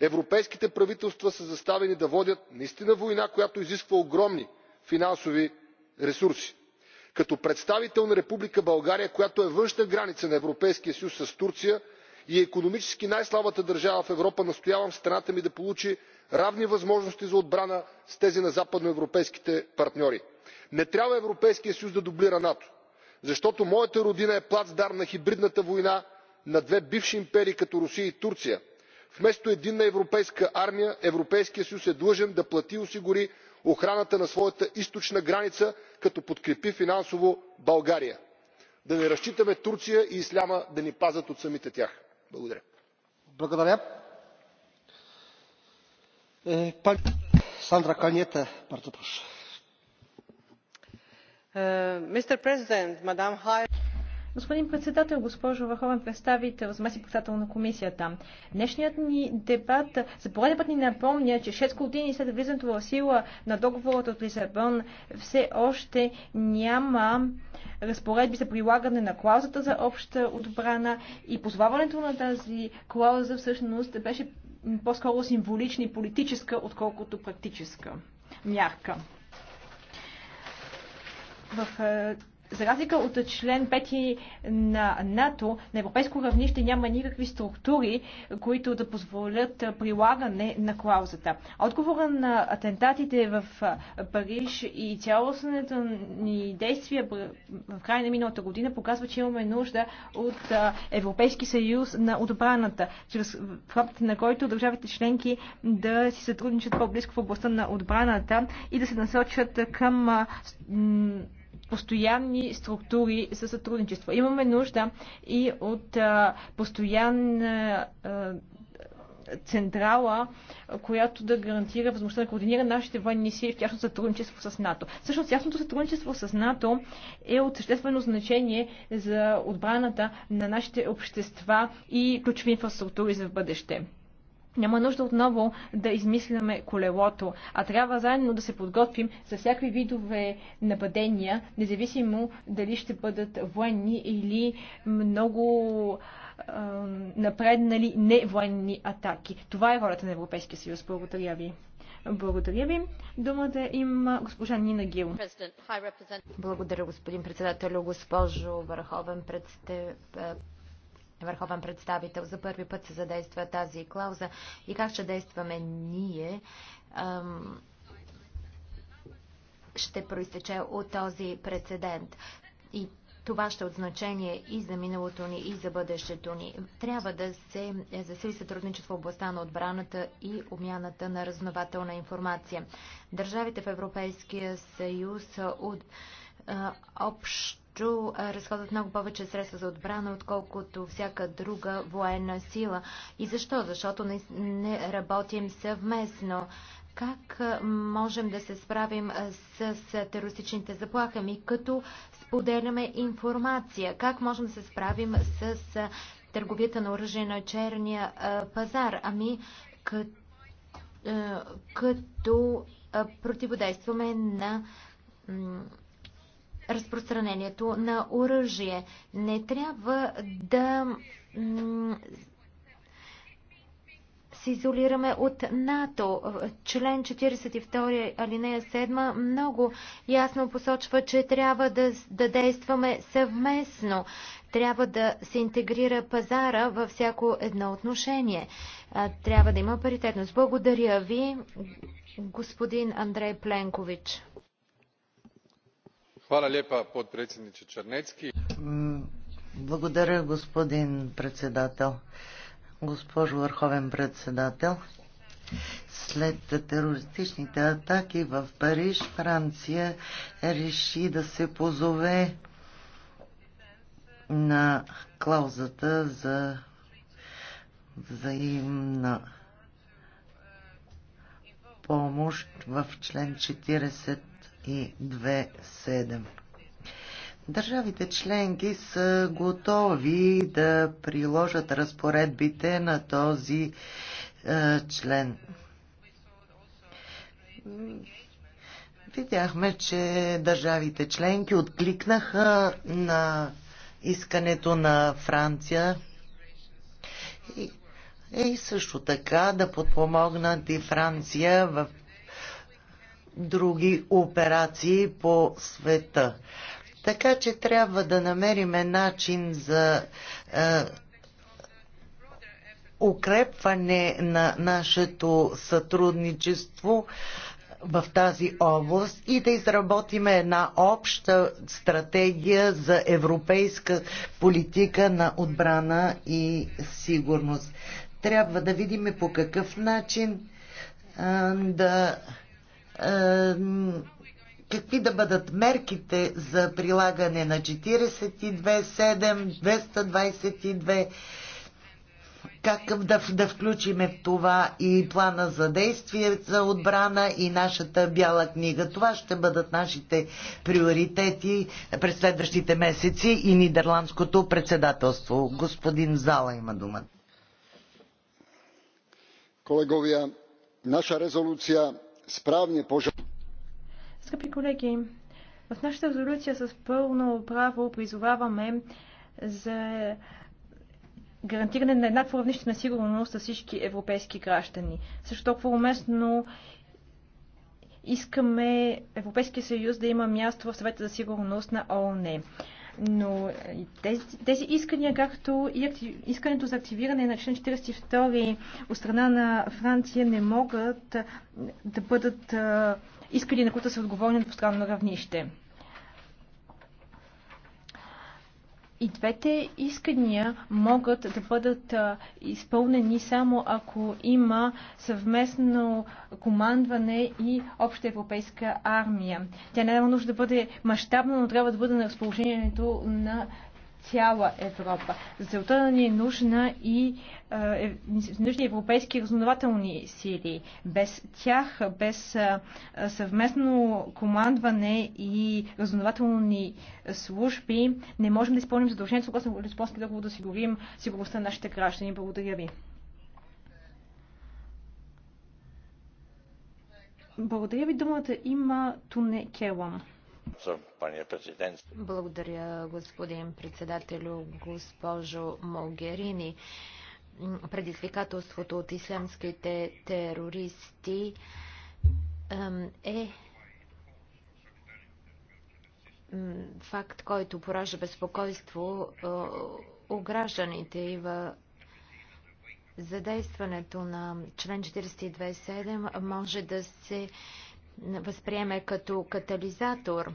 S5: европейските правителства са заставени да водят наистина война която изисква огромни финансови ресурси. като представител на република българия която е външна граница на европейския съюз с турция и е икономически най слабата държава в европа настоявам страната ми да получи равни възможности за отбрана с тези на западноевропейските партньори. не трябва европейският съюз да дублира нато защото моята родина е плацдарм на хибридната война на две бивши империи като русия и турция. вместо единна европейска армия европейският съюз е длъжен да плати и осигури охраната на своята източна граница като подкрепи финансово българя. да не разчитаме турция и исляма да ни пазят от самите тях. благодаря. Е,
S3: е, Господин председател, госпожо върховен представител, заместник председател на комисията, днешният ни дебат за пореден път ни напомня, че 6 години след влизането в сила на договора от Лисабон все още няма разпоредби за прилагане на клаузата за обща отбрана и позваването на тази клауза всъщност беше по-скоро символична и политическа, отколкото практическа мярка. В е, за разлика от член 5 на НАТО, на европейско равнище няма никакви структури, които да позволят прилагане на клаузата. Отговора на атентатите в Париж и цялостната ни действия в края на миналата година показва, че имаме нужда от Европейски съюз на отбраната, чрез в на който държавите членки да си сътрудничат по-близко в областта на отбраната и да се насочат към постоянни структури за сътрудничество. Имаме нужда и от постоянна централа, която да гарантира възможността да координира нашите военни сили в тяхното сътрудничество с НАТО. Всъщност, тяхното сътрудничество с НАТО е от съществено значение за отбраната на нашите общества и ключови инфраструктури за бъдеще. Няма нужда отново да измисляме колелото, а трябва заедно да се подготвим за всякакви видове нападения, независимо дали ще бъдат военни или много е, напреднали невоенни атаки. Това е ролята на Европейския съюз. Благодаря ви. Благодаря ви. Думата има госпожа Нина Гил. Благодаря, господин председател, госпожо Върховен
S1: представител върховен представител. За първи път се задейства тази клауза и как ще действаме ние ще проистече от този прецедент. И това ще е от значение и за миналото ни, и за бъдещето ни. Трябва да се засили сътрудничество в областта на отбраната и обмяната на разнователна информация. Държавите в Европейския съюз от общо разходват много повече средства за отбрана, отколкото всяка друга военна сила. И защо? Защото не, не работим съвместно. Как можем да се справим с, с терористичните заплаха, Ми като споделяме информация. Как можем да се справим с, с търговията на оръжие на черния а, пазар? Ами като, а, като противодействаме на разпространението на оръжие. Не трябва да се изолираме от НАТО. Член 42 алинея 7 много ясно посочва, че трябва да, да действаме съвместно. Трябва да се интегрира пазара във всяко едно отношение. Трябва да има паритетност. Благодаря ви, господин Андрей Пленкович.
S5: Mm,
S2: благодаря, господин председател. Госпожо Върховен председател, след терористичните атаки в Париж, Франция реши да се позове на клаузата за взаимна помощ в член 40 2.7. Държавите членки са готови да приложат разпоредбите на този е, член. Видяхме, че държавите членки откликнаха на искането на Франция и, и също така да подпомогнат и Франция в други операции по света. Така че трябва да намериме начин за е, укрепване на нашето сътрудничество в тази област и да изработиме една обща стратегия за европейска политика на отбрана и сигурност. Трябва да видим по какъв начин е, да какви да бъдат мерките за прилагане на 42-7, 222, как да, да включиме в това и плана за действие за отбрана и нашата бяла книга. Това ще бъдат нашите приоритети през следващите месеци и нидерландското председателство. Господин Зала има думата.
S5: Колеговия, наша резолюция справни пожар.
S3: Скъпи колеги, в нашата резолюция с пълно право призоваваме за гарантиране на еднакво равнище на сигурност за всички европейски граждани. Също толкова уместно искаме Европейския съюз да има място в съвета за сигурност на ООН но тези, тези искания, както и актив, искането за активиране на член 42 от страна на Франция не могат да бъдат искали, на които са отговорни на двустранно равнище. И двете искания могат да бъдат изпълнени само ако има съвместно командване и обща европейска армия. Тя няма нужда да бъде мащабна, но трябва да бъде на разположението на цяла Европа. За целта да ни е нужна и е, нужни европейски разнователни сили. Без тях, без е, съвместно командване и разнователни служби не можем да изпълним задължението съгласно Лисбонски договор да сигурим сигурността на нашите граждани. Благодаря ви. Благодаря ви. Думата има Туне Келам. Благодаря, господин председателю,
S1: госпожо Молгерини. Предизвикателството от ислямските терористи е факт, който поражда безпокойство у гражданите и в задействането на член 42.7 може да се възприеме като катализатор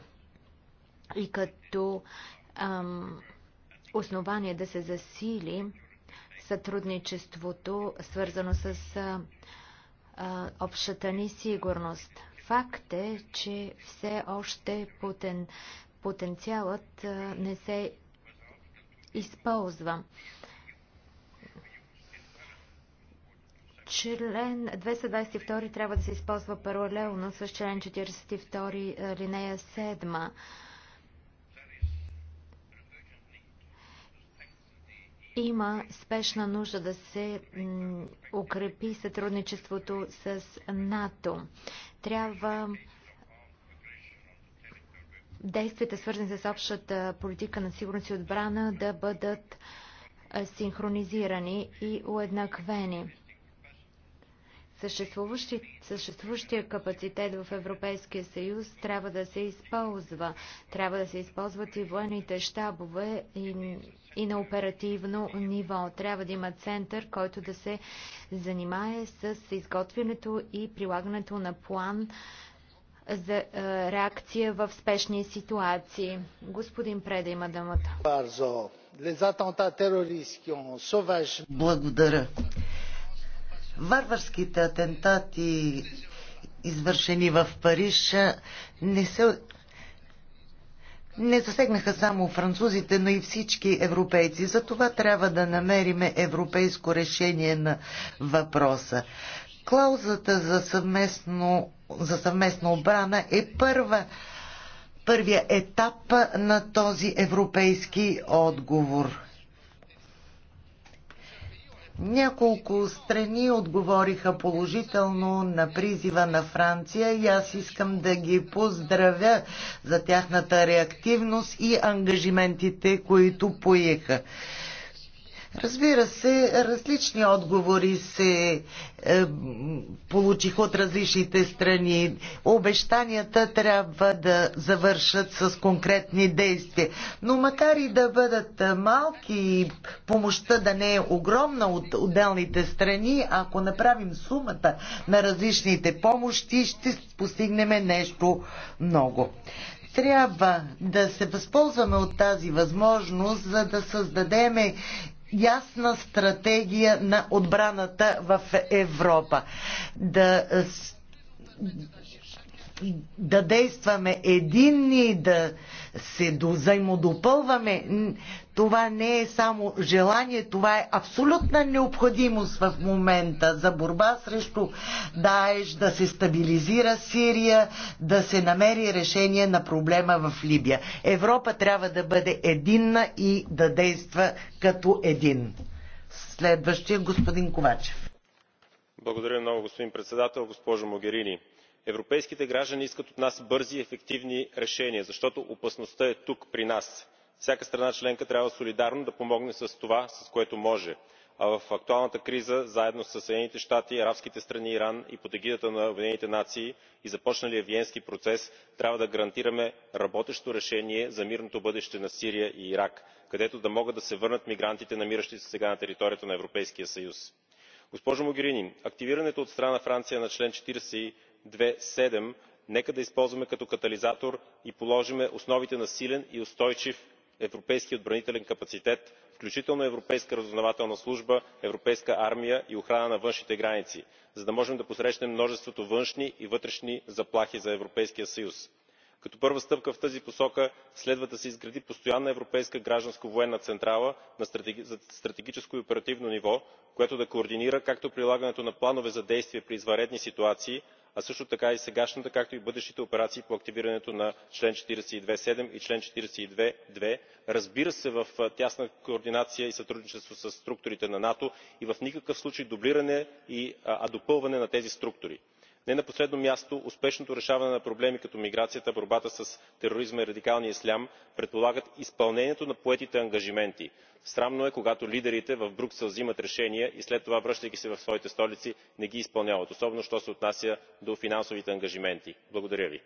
S1: и като ам, основание да се засили сътрудничеството, свързано с а, а, общата ни сигурност. Факт е, че все още потен, потенциалът а, не се използва. Член 222 трябва да се използва паралелно с член 42 линия Има спешна нужда да се укрепи сътрудничеството с НАТО. Трябва действията, свързани с общата политика на сигурност и отбрана, да бъдат синхронизирани и уеднаквени съществуващия капацитет в Европейския съюз трябва да се използва. Трябва да се използват и военните щабове и, и на оперативно ниво. Трябва да има център, който да се занимае с изготвянето и прилагането на план за е, реакция в спешни ситуации. Господин Преда има дамата.
S2: Благодаря варварските атентати, извършени в Париж, не се не засегнаха само французите, но и всички европейци. За това трябва да намериме европейско решение на въпроса. Клаузата за съвместно, за съвместна обрана е първа, първия етап на този европейски отговор. Няколко страни отговориха положително на призива на Франция и аз искам да ги поздравя за тяхната реактивност и ангажиментите, които поеха. Разбира се, различни отговори се е, получих от различните страни. Обещанията трябва да завършат с конкретни действия. Но макар и да бъдат е, малки помощта да не е огромна от отделните страни, ако направим сумата на различните помощи, ще постигнем нещо много трябва да се възползваме от тази възможност, за да създадем ясна стратегия на отбраната в Европа. Да, да действаме единни, да се взаимодопълваме. Това не е само желание, това е абсолютна необходимост в момента за борба срещу Даеш, да се стабилизира Сирия, да се намери решение на проблема в Либия. Европа трябва да бъде единна и да действа като един. Следващия господин Ковачев.
S4: Благодаря много, господин председател, госпожо Могерини. Европейските граждани искат от нас бързи и ефективни решения, защото опасността е тук при нас всяка страна членка трябва солидарно да помогне с това с което може а в актуалната криза заедно със съединените щати арабските страни иран и под егидата на обединените нации и започналия виенски процес трябва да гарантираме работещо решение за мирното бъдеще на сирия и ирак където да могат да се върнат мигрантите намиращи се сега на територията на европейския съюз. госпожо могерини активирането от страна на франция на чл. четиридесет и два седем нека да използваме като катализатор и положим основите на силен и устойчив Европейски отбранителен капацитет включително европейска разузнавателна служба европейска армия и охрана на външните граници за да можем да посрещнем множеството външни и вътрешни заплахи за европейския съюз. като първа стъпка в тази посока следва да се изгради постоянна европейска гражданско военна централа на стратегическо и оперативно ниво която да координира както прилагането на планове за действие при извънредни ситуации а също така и сегашната както и бъдещите операции по активирането на член четиридесет и две седем и член четиридесет и две две разбира се в тясна координация и сътрудничество със структурите на нато и в никакъв случай дублиране а допълване на тези структури не на последно място успешното решаване на проблеми като миграцията борбата с тероризма и радикалния ислям предполагат изпълнението на поетите ангажименти. срамно е когато лидерите в брюксел взимат решения и след това връщайки се в своите столици не ги изпълняват особено що се отнася до финансовите ангажименти. благодаря ви.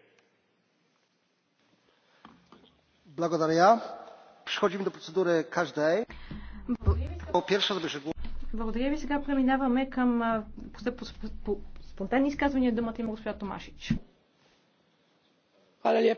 S3: Благодаря ви. Сега преминаваме към спонтанни изказвания думата има госпожа Томашич.
S1: Е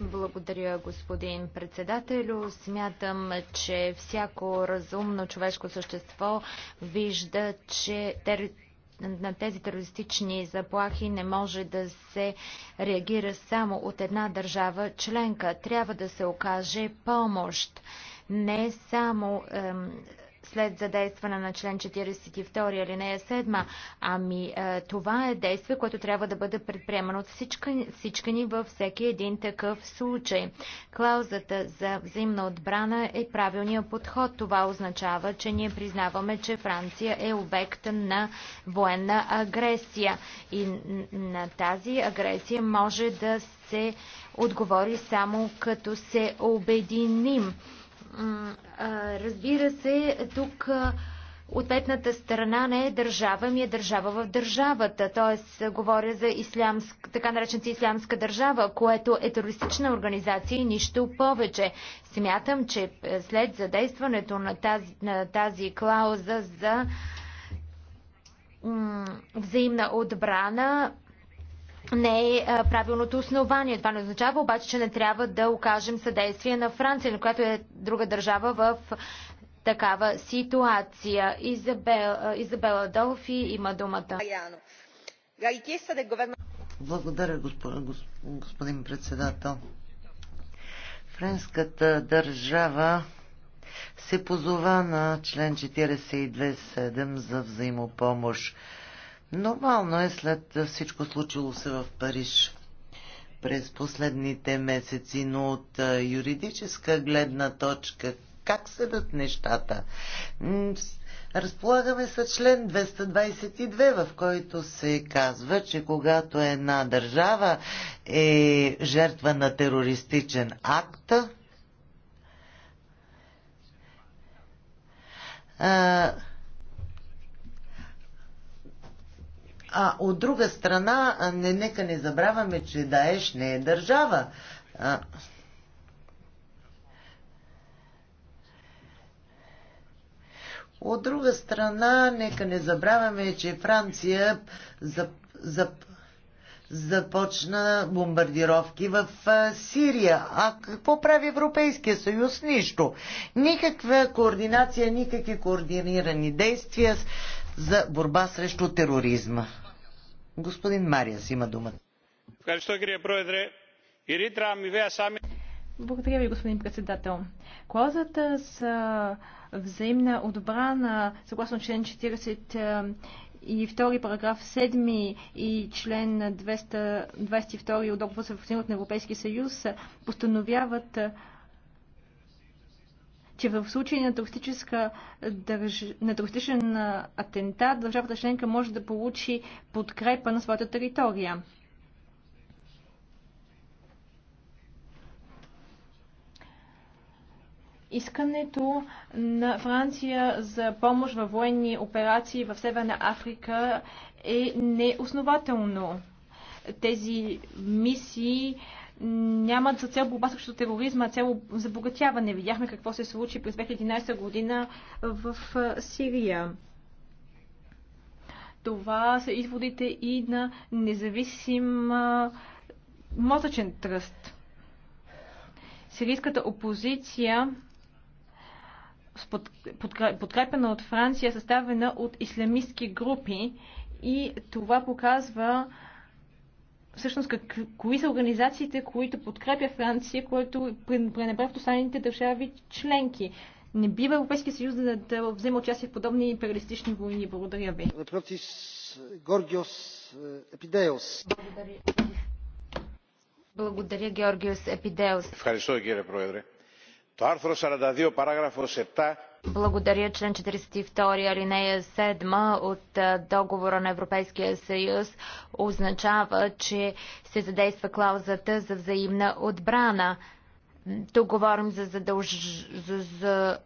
S1: Благодаря, господин председателю. Смятам, че всяко разумно човешко същество вижда, че тери... на тези терористични заплахи не може да се реагира само от една държава членка. Трябва да се окаже помощ не само ем, след задействане на член 42 алинея 7. Ами е, това е действие, което трябва да бъде предприемано от всички, всички ни във всеки един такъв случай. Клаузата за взаимна отбрана е правилния подход. Това означава, че ние признаваме, че Франция е обект на военна агресия и на тази агресия може да се отговори само като се обединим. Разбира се, тук ответната страна не е държава, ми е държава в държавата. Т.е. говоря за ислямск, така наречената ислямска държава, което е терористична организация и нищо повече. Смятам, че след задействането на тази, на тази клауза за взаимна отбрана, не е, е правилното основание. Това не означава обаче, че не трябва да окажем съдействие на Франция, на която е друга държава в такава ситуация. Изабел, е, Изабела Долфи има думата.
S2: Благодаря, господин, господин председател. Френската държава се позова на член 42.7 за взаимопомощ. Нормално е след всичко случило се в Париж през последните месеци, но от юридическа гледна точка как седат нещата? Разполагаме с член 222, в който се казва, че когато една държава е жертва на терористичен акт, а, А от друга страна, не, нека не забравяме, че Даеш не е държава. А, От друга страна, нека не забравяме, че Франция зап, зап, започна бомбардировки в Сирия. А какво прави Европейския съюз? Нищо. Никаква координация, никакви координирани действия за борба срещу тероризма. Господин Мариас има думата.
S3: Благодаря ви, господин председател. Клаузата за взаимна отбрана, съгласно член 40 и втори параграф 7 и член 222 от договора за функционирането на Европейския съюз постановяват че в случай на, туристическа, държ... на туристичен атентат държавата членка може да получи подкрепа на своята територия. искането на Франция за помощ във военни операции в Северна Африка е неоснователно. Тези мисии нямат за цел борба срещу тероризма, а цел забогатяване. Видяхме какво се случи през 2011 година в Сирия. Това са изводите и на независим мозъчен тръст. Сирийската опозиция подкрепена от Франция, съставена от ислямистки групи и това показва всъщност как, кои са организациите, които подкрепя Франция, които пренебре в останалите държави членки. Не бива Европейския съюз да, да взема участие в подобни империалистични войни. Благодаря ви. Е,
S5: Горгиос е, Епидеос.
S4: Благодаря.
S1: Благодаря, Георгиос Епидеос.
S4: Ευχαριστώ, κύριε Πρόεδρε. Το άρθρο 42, παράγραφος 7
S1: благодаря член 42 алинея 7 от договора на Европейския съюз означава, че се задейства клаузата за взаимна отбрана. Тук говорим за, задълж... за, за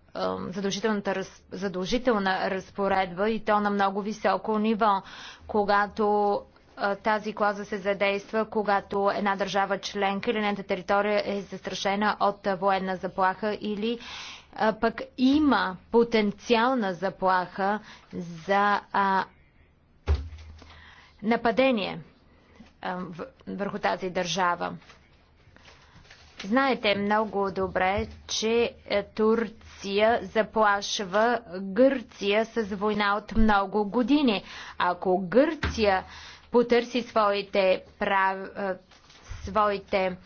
S1: задължителната раз... задължителна разпоредба и то на много високо ниво, когато тази клауза се задейства, когато една държава членка или нейната територия е застрашена от военна заплаха или а, пък има потенциална заплаха за а, нападение а, върху тази държава. Знаете много добре, че е, Турция заплашва Гърция с война от много години. Ако Гърция потърси своите, прав... Е, своите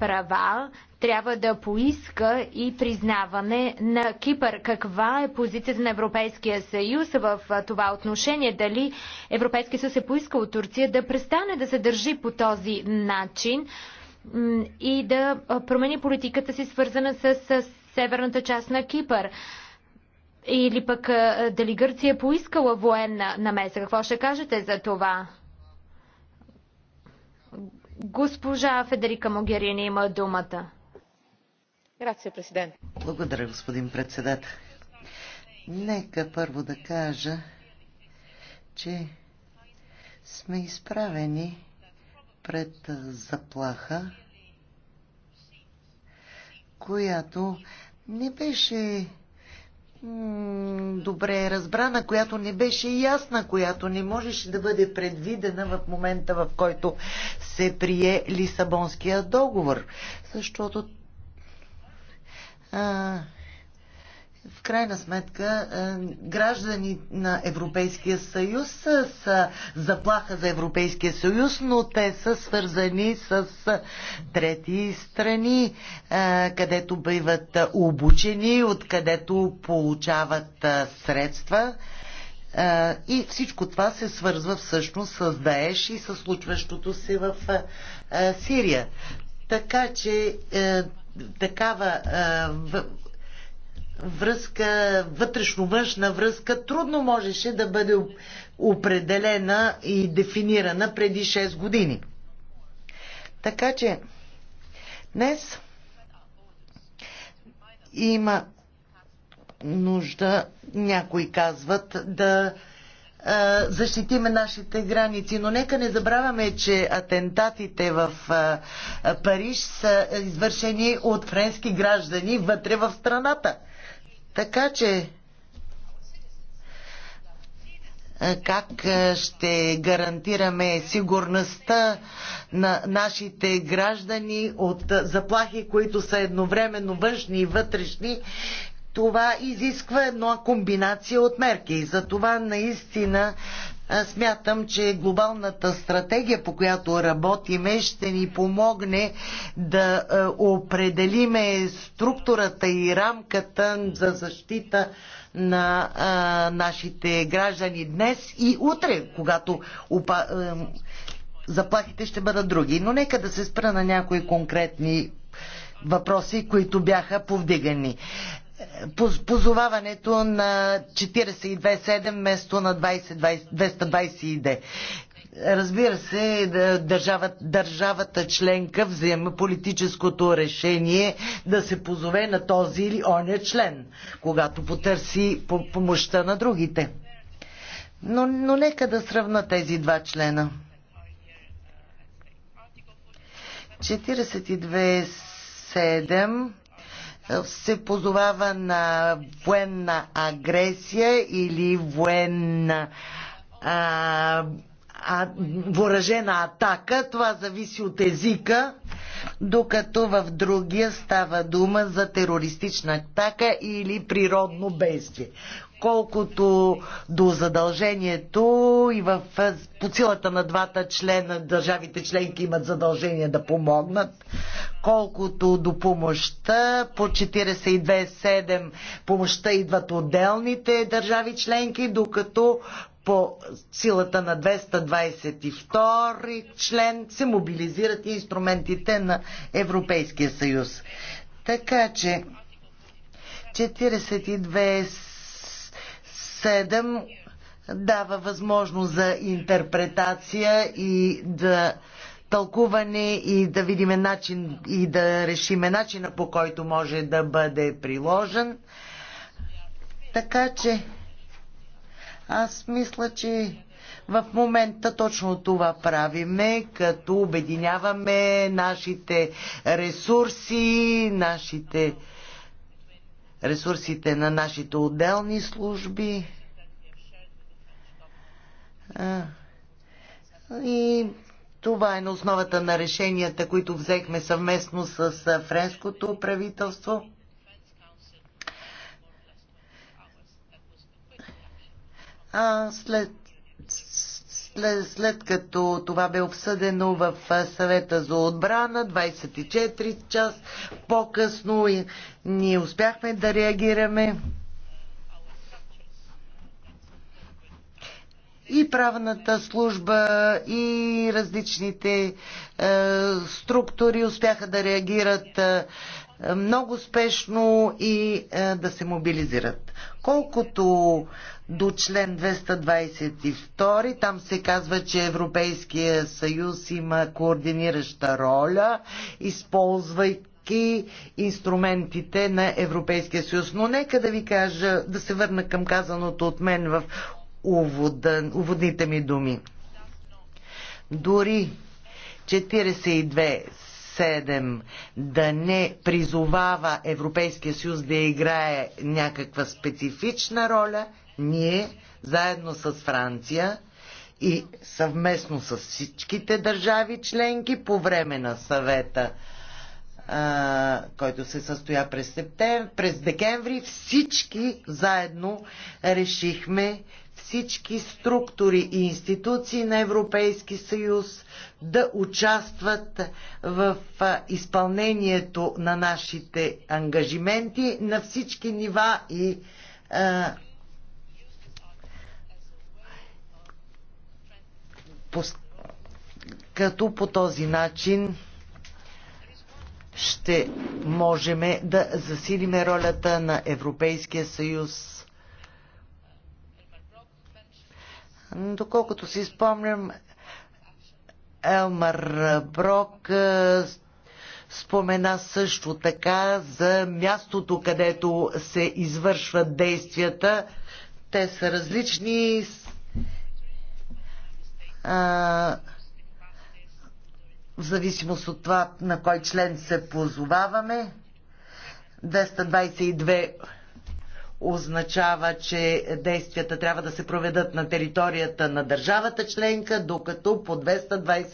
S1: права, трябва да поиска и признаване на Кипър. Каква е позицията на Европейския съюз в това отношение? Дали Европейския съюз е поискал от Турция да престане да се държи по този начин и да промени политиката си, свързана с северната част на Кипър? Или пък дали Гърция е поискала военна намеса? Какво ще кажете за това? Госпожа Федерика Могерини има думата.
S2: Благодаря, господин председател. Нека първо да кажа, че сме изправени пред заплаха, която не беше добре разбрана, която не беше ясна, която не можеше да бъде предвидена в момента, в който се прие Лисабонския договор. Защото в крайна сметка граждани на Европейския съюз са заплаха за Европейския съюз, но те са свързани с трети страни, където биват обучени, откъдето получават средства. И всичко това се свързва всъщност с Даеш и с случващото се в Сирия. Така че е, такава връзка, вътрешно-външна връзка, трудно можеше да бъде определена и дефинирана преди 6 години. Така че днес има нужда, някои казват, да защитиме нашите граници. Но нека не забравяме, че атентатите в Париж са извършени от френски граждани вътре в страната. Така че как ще гарантираме сигурността на нашите граждани от заплахи, които са едновременно външни и вътрешни това изисква една комбинация от мерки. И За това наистина смятам, че глобалната стратегия, по която работиме, ще ни помогне да определиме структурата и рамката за защита на нашите граждани днес и утре, когато заплахите ще бъдат други. Но нека да се спра на някои конкретни въпроси, които бяха повдигани позоваването на 42.7 вместо на 220. 222. Разбира се, държавата, държавата членка взема политическото решение да се позове на този или оня член, когато потърси помощта на другите. Но, но нека да сравна тези два члена. 42.7 се позовава на военна агресия или военна а, а, въоръжена атака. Това зависи от езика, докато в другия става дума за терористична атака или природно бедствие колкото до задължението и в, по силата на двата члена държавите членки имат задължение да помогнат, колкото до помощта по 42.7 помощта идват отделните държави членки, докато по силата на 222 член се мобилизират и инструментите на Европейския съюз. Така че 42 7 дава възможност за интерпретация и да тълкуване и да видим начин и да решиме начина по който може да бъде приложен. Така че аз мисля, че в момента точно това правиме, като обединяваме нашите ресурси, нашите ресурсите на нашите отделни служби. И това е на основата на решенията, които взехме съвместно с френското правителство. А след след, като това бе обсъдено в съвета за отбрана, 24 час по-късно ние успяхме да реагираме. и правната служба, и различните е, структури успяха да реагират е, много спешно и е, да се мобилизират. Колкото до член 222, там се казва, че Европейския съюз има координираща роля, използвайки инструментите на Европейския съюз. Но нека да ви кажа, да се върна към казаното от мен в увода, уводните ми думи. Дори 42 да не призовава Европейския съюз да играе някаква специфична роля, ние заедно с Франция и съвместно с всичките държави членки по време на съвета, а, който се състоя през, септем, през декември, всички заедно решихме, всички структури и институции на Европейски съюз да участват в изпълнението на нашите ангажименти на всички нива и като по този начин ще можем да засилиме ролята на Европейския съюз Доколкото си спомням, Елмар Брок спомена също така за мястото, където се извършват действията. Те са различни. А, в зависимост от това на кой член се позоваваме. 222 означава, че действията трябва да се проведат на територията на държавата членка, докато по 220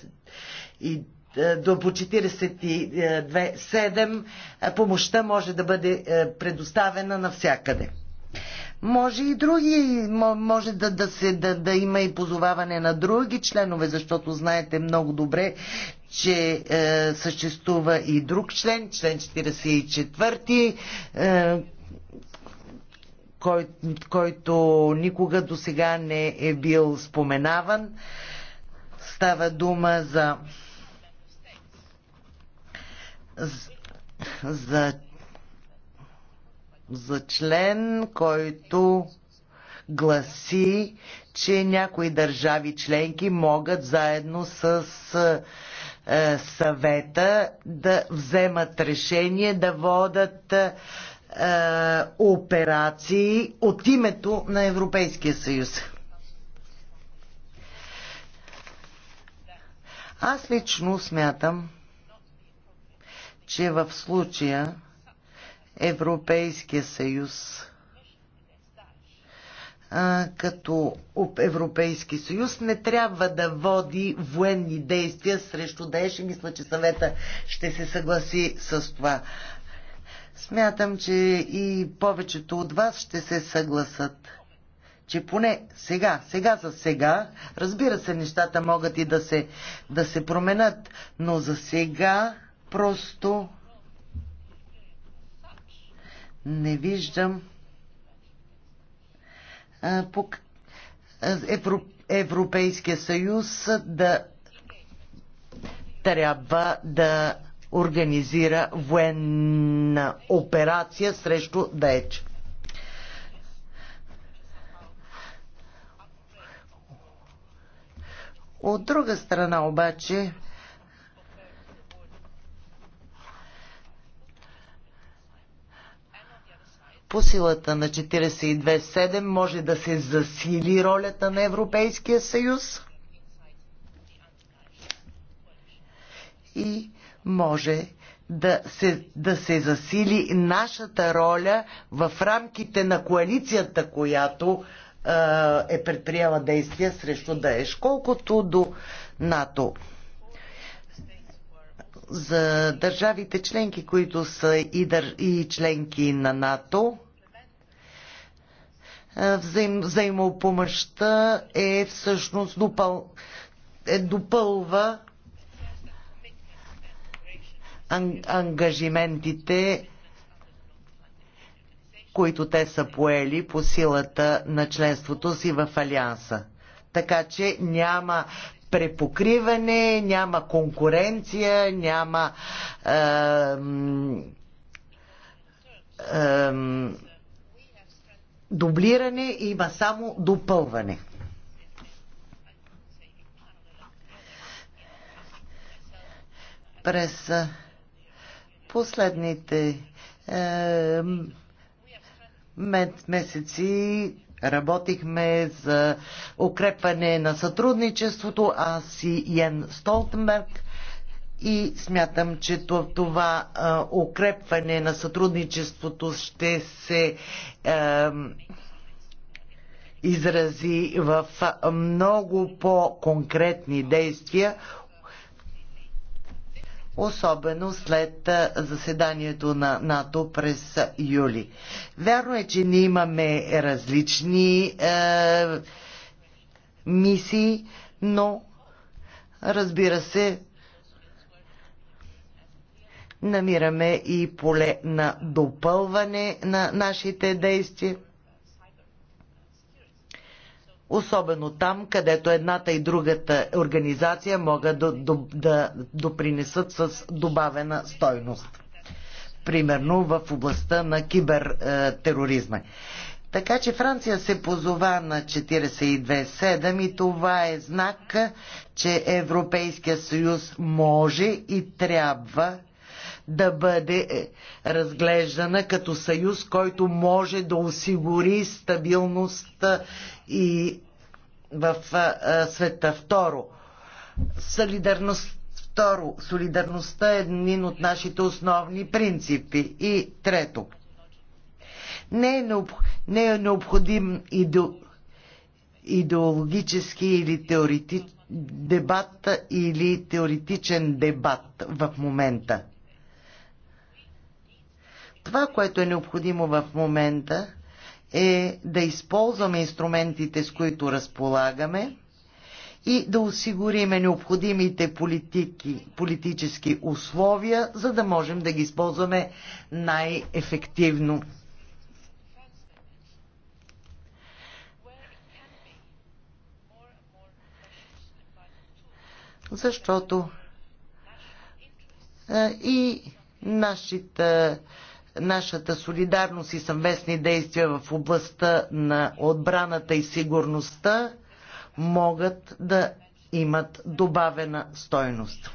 S2: и е, до по 42.7 е, помощта може да бъде е, предоставена навсякъде. Може и други, може да, да, се, да, да има и позоваване на други членове, защото знаете много добре, че е, съществува и друг член, член 44, е, кой, който никога до сега не е бил споменаван. Става дума за, за, за член, който гласи, че някои държави членки могат заедно с е, е, съвета да вземат решение да водат е, е, операции от името на Европейския съюз. Аз лично смятам, че в случая Европейския съюз е, като Европейски съюз не трябва да води военни действия срещу Даеш и мисля, че съвета ще се съгласи с това. Смятам, че и повечето от вас ще се съгласат че поне сега, сега за сега, разбира се, нещата могат и да се, да се променят, но за сега просто не виждам Евро, Европейския съюз да трябва да организира военна операция срещу Даеч. От друга страна обаче по силата на 42.7 може да се засили ролята на Европейския съюз и може да се, да се засили нашата роля в рамките на коалицията, която е, е предприела действия срещу Даеш. Колкото до НАТО, за държавите членки, които са и, дър... и членки на НАТО, взаим... взаимопомощта е всъщност допъл... е допълва ангажиментите, които те са поели по силата на членството си в Алианса. Така че няма препокриване, няма конкуренция, няма е, е, дублиране, има само допълване. През последните е, месеци работихме за укрепване на сътрудничеството. Аз и Йен Столтенберг и смятам, че това е, укрепване на сътрудничеството ще се е, изрази в много по-конкретни действия, особено след заседанието на НАТО през юли. Вярно е, че ние имаме различни е, мисии, но разбира се, намираме и поле на допълване на нашите действия особено там, където едната и другата организация могат да, да, да допринесат с добавена стойност. Примерно в областта на кибертероризма. Така че Франция се позова на 42.7 и това е знак, че Европейския съюз може и трябва да бъде е, разглеждана като съюз, който може да осигури стабилност е, и в е, света. Второ, солидарност, второ, солидарността е един от нашите основни принципи. И трето, не е, необ, не е необходим идео, идеологически или теоретичен дебат или теоретичен дебат в момента. Това, което е необходимо в момента, е да използваме инструментите, с които разполагаме и да осигуриме необходимите политики, политически условия, за да можем да ги използваме най-ефективно. Защото и нашите нашата солидарност и съвместни действия в областта на отбраната и сигурността могат да имат добавена стойност.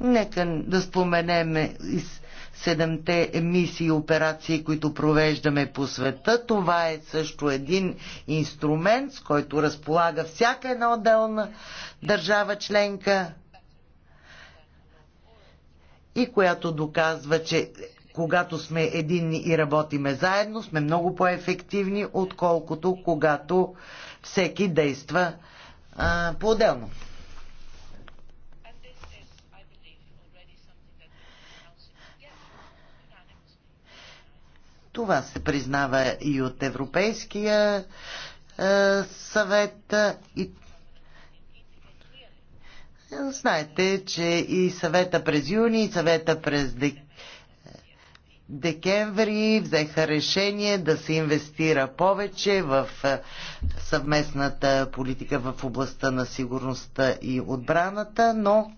S2: Нека да споменеме и седемте мисии и операции, които провеждаме по света. Това е също един инструмент, с който разполага всяка една отделна държава членка и която доказва, че когато сме единни и работиме заедно, сме много по-ефективни, отколкото когато всеки действа по-отделно. Това се признава и от Европейския съвет и Знаете, че и съвета през юни, и съвета през декември декември взеха решение да се инвестира повече в е, съвместната политика в областта на сигурността и отбраната, но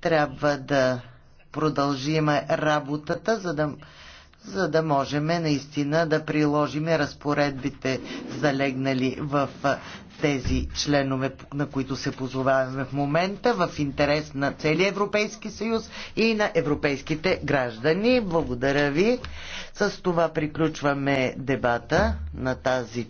S2: трябва да продължиме работата, за да за да можем наистина да приложиме разпоредбите, залегнали в тези членове, на които се позоваваме в момента, в интерес на целия Европейски съюз и на европейските граждани. Благодаря ви. С това приключваме дебата на тази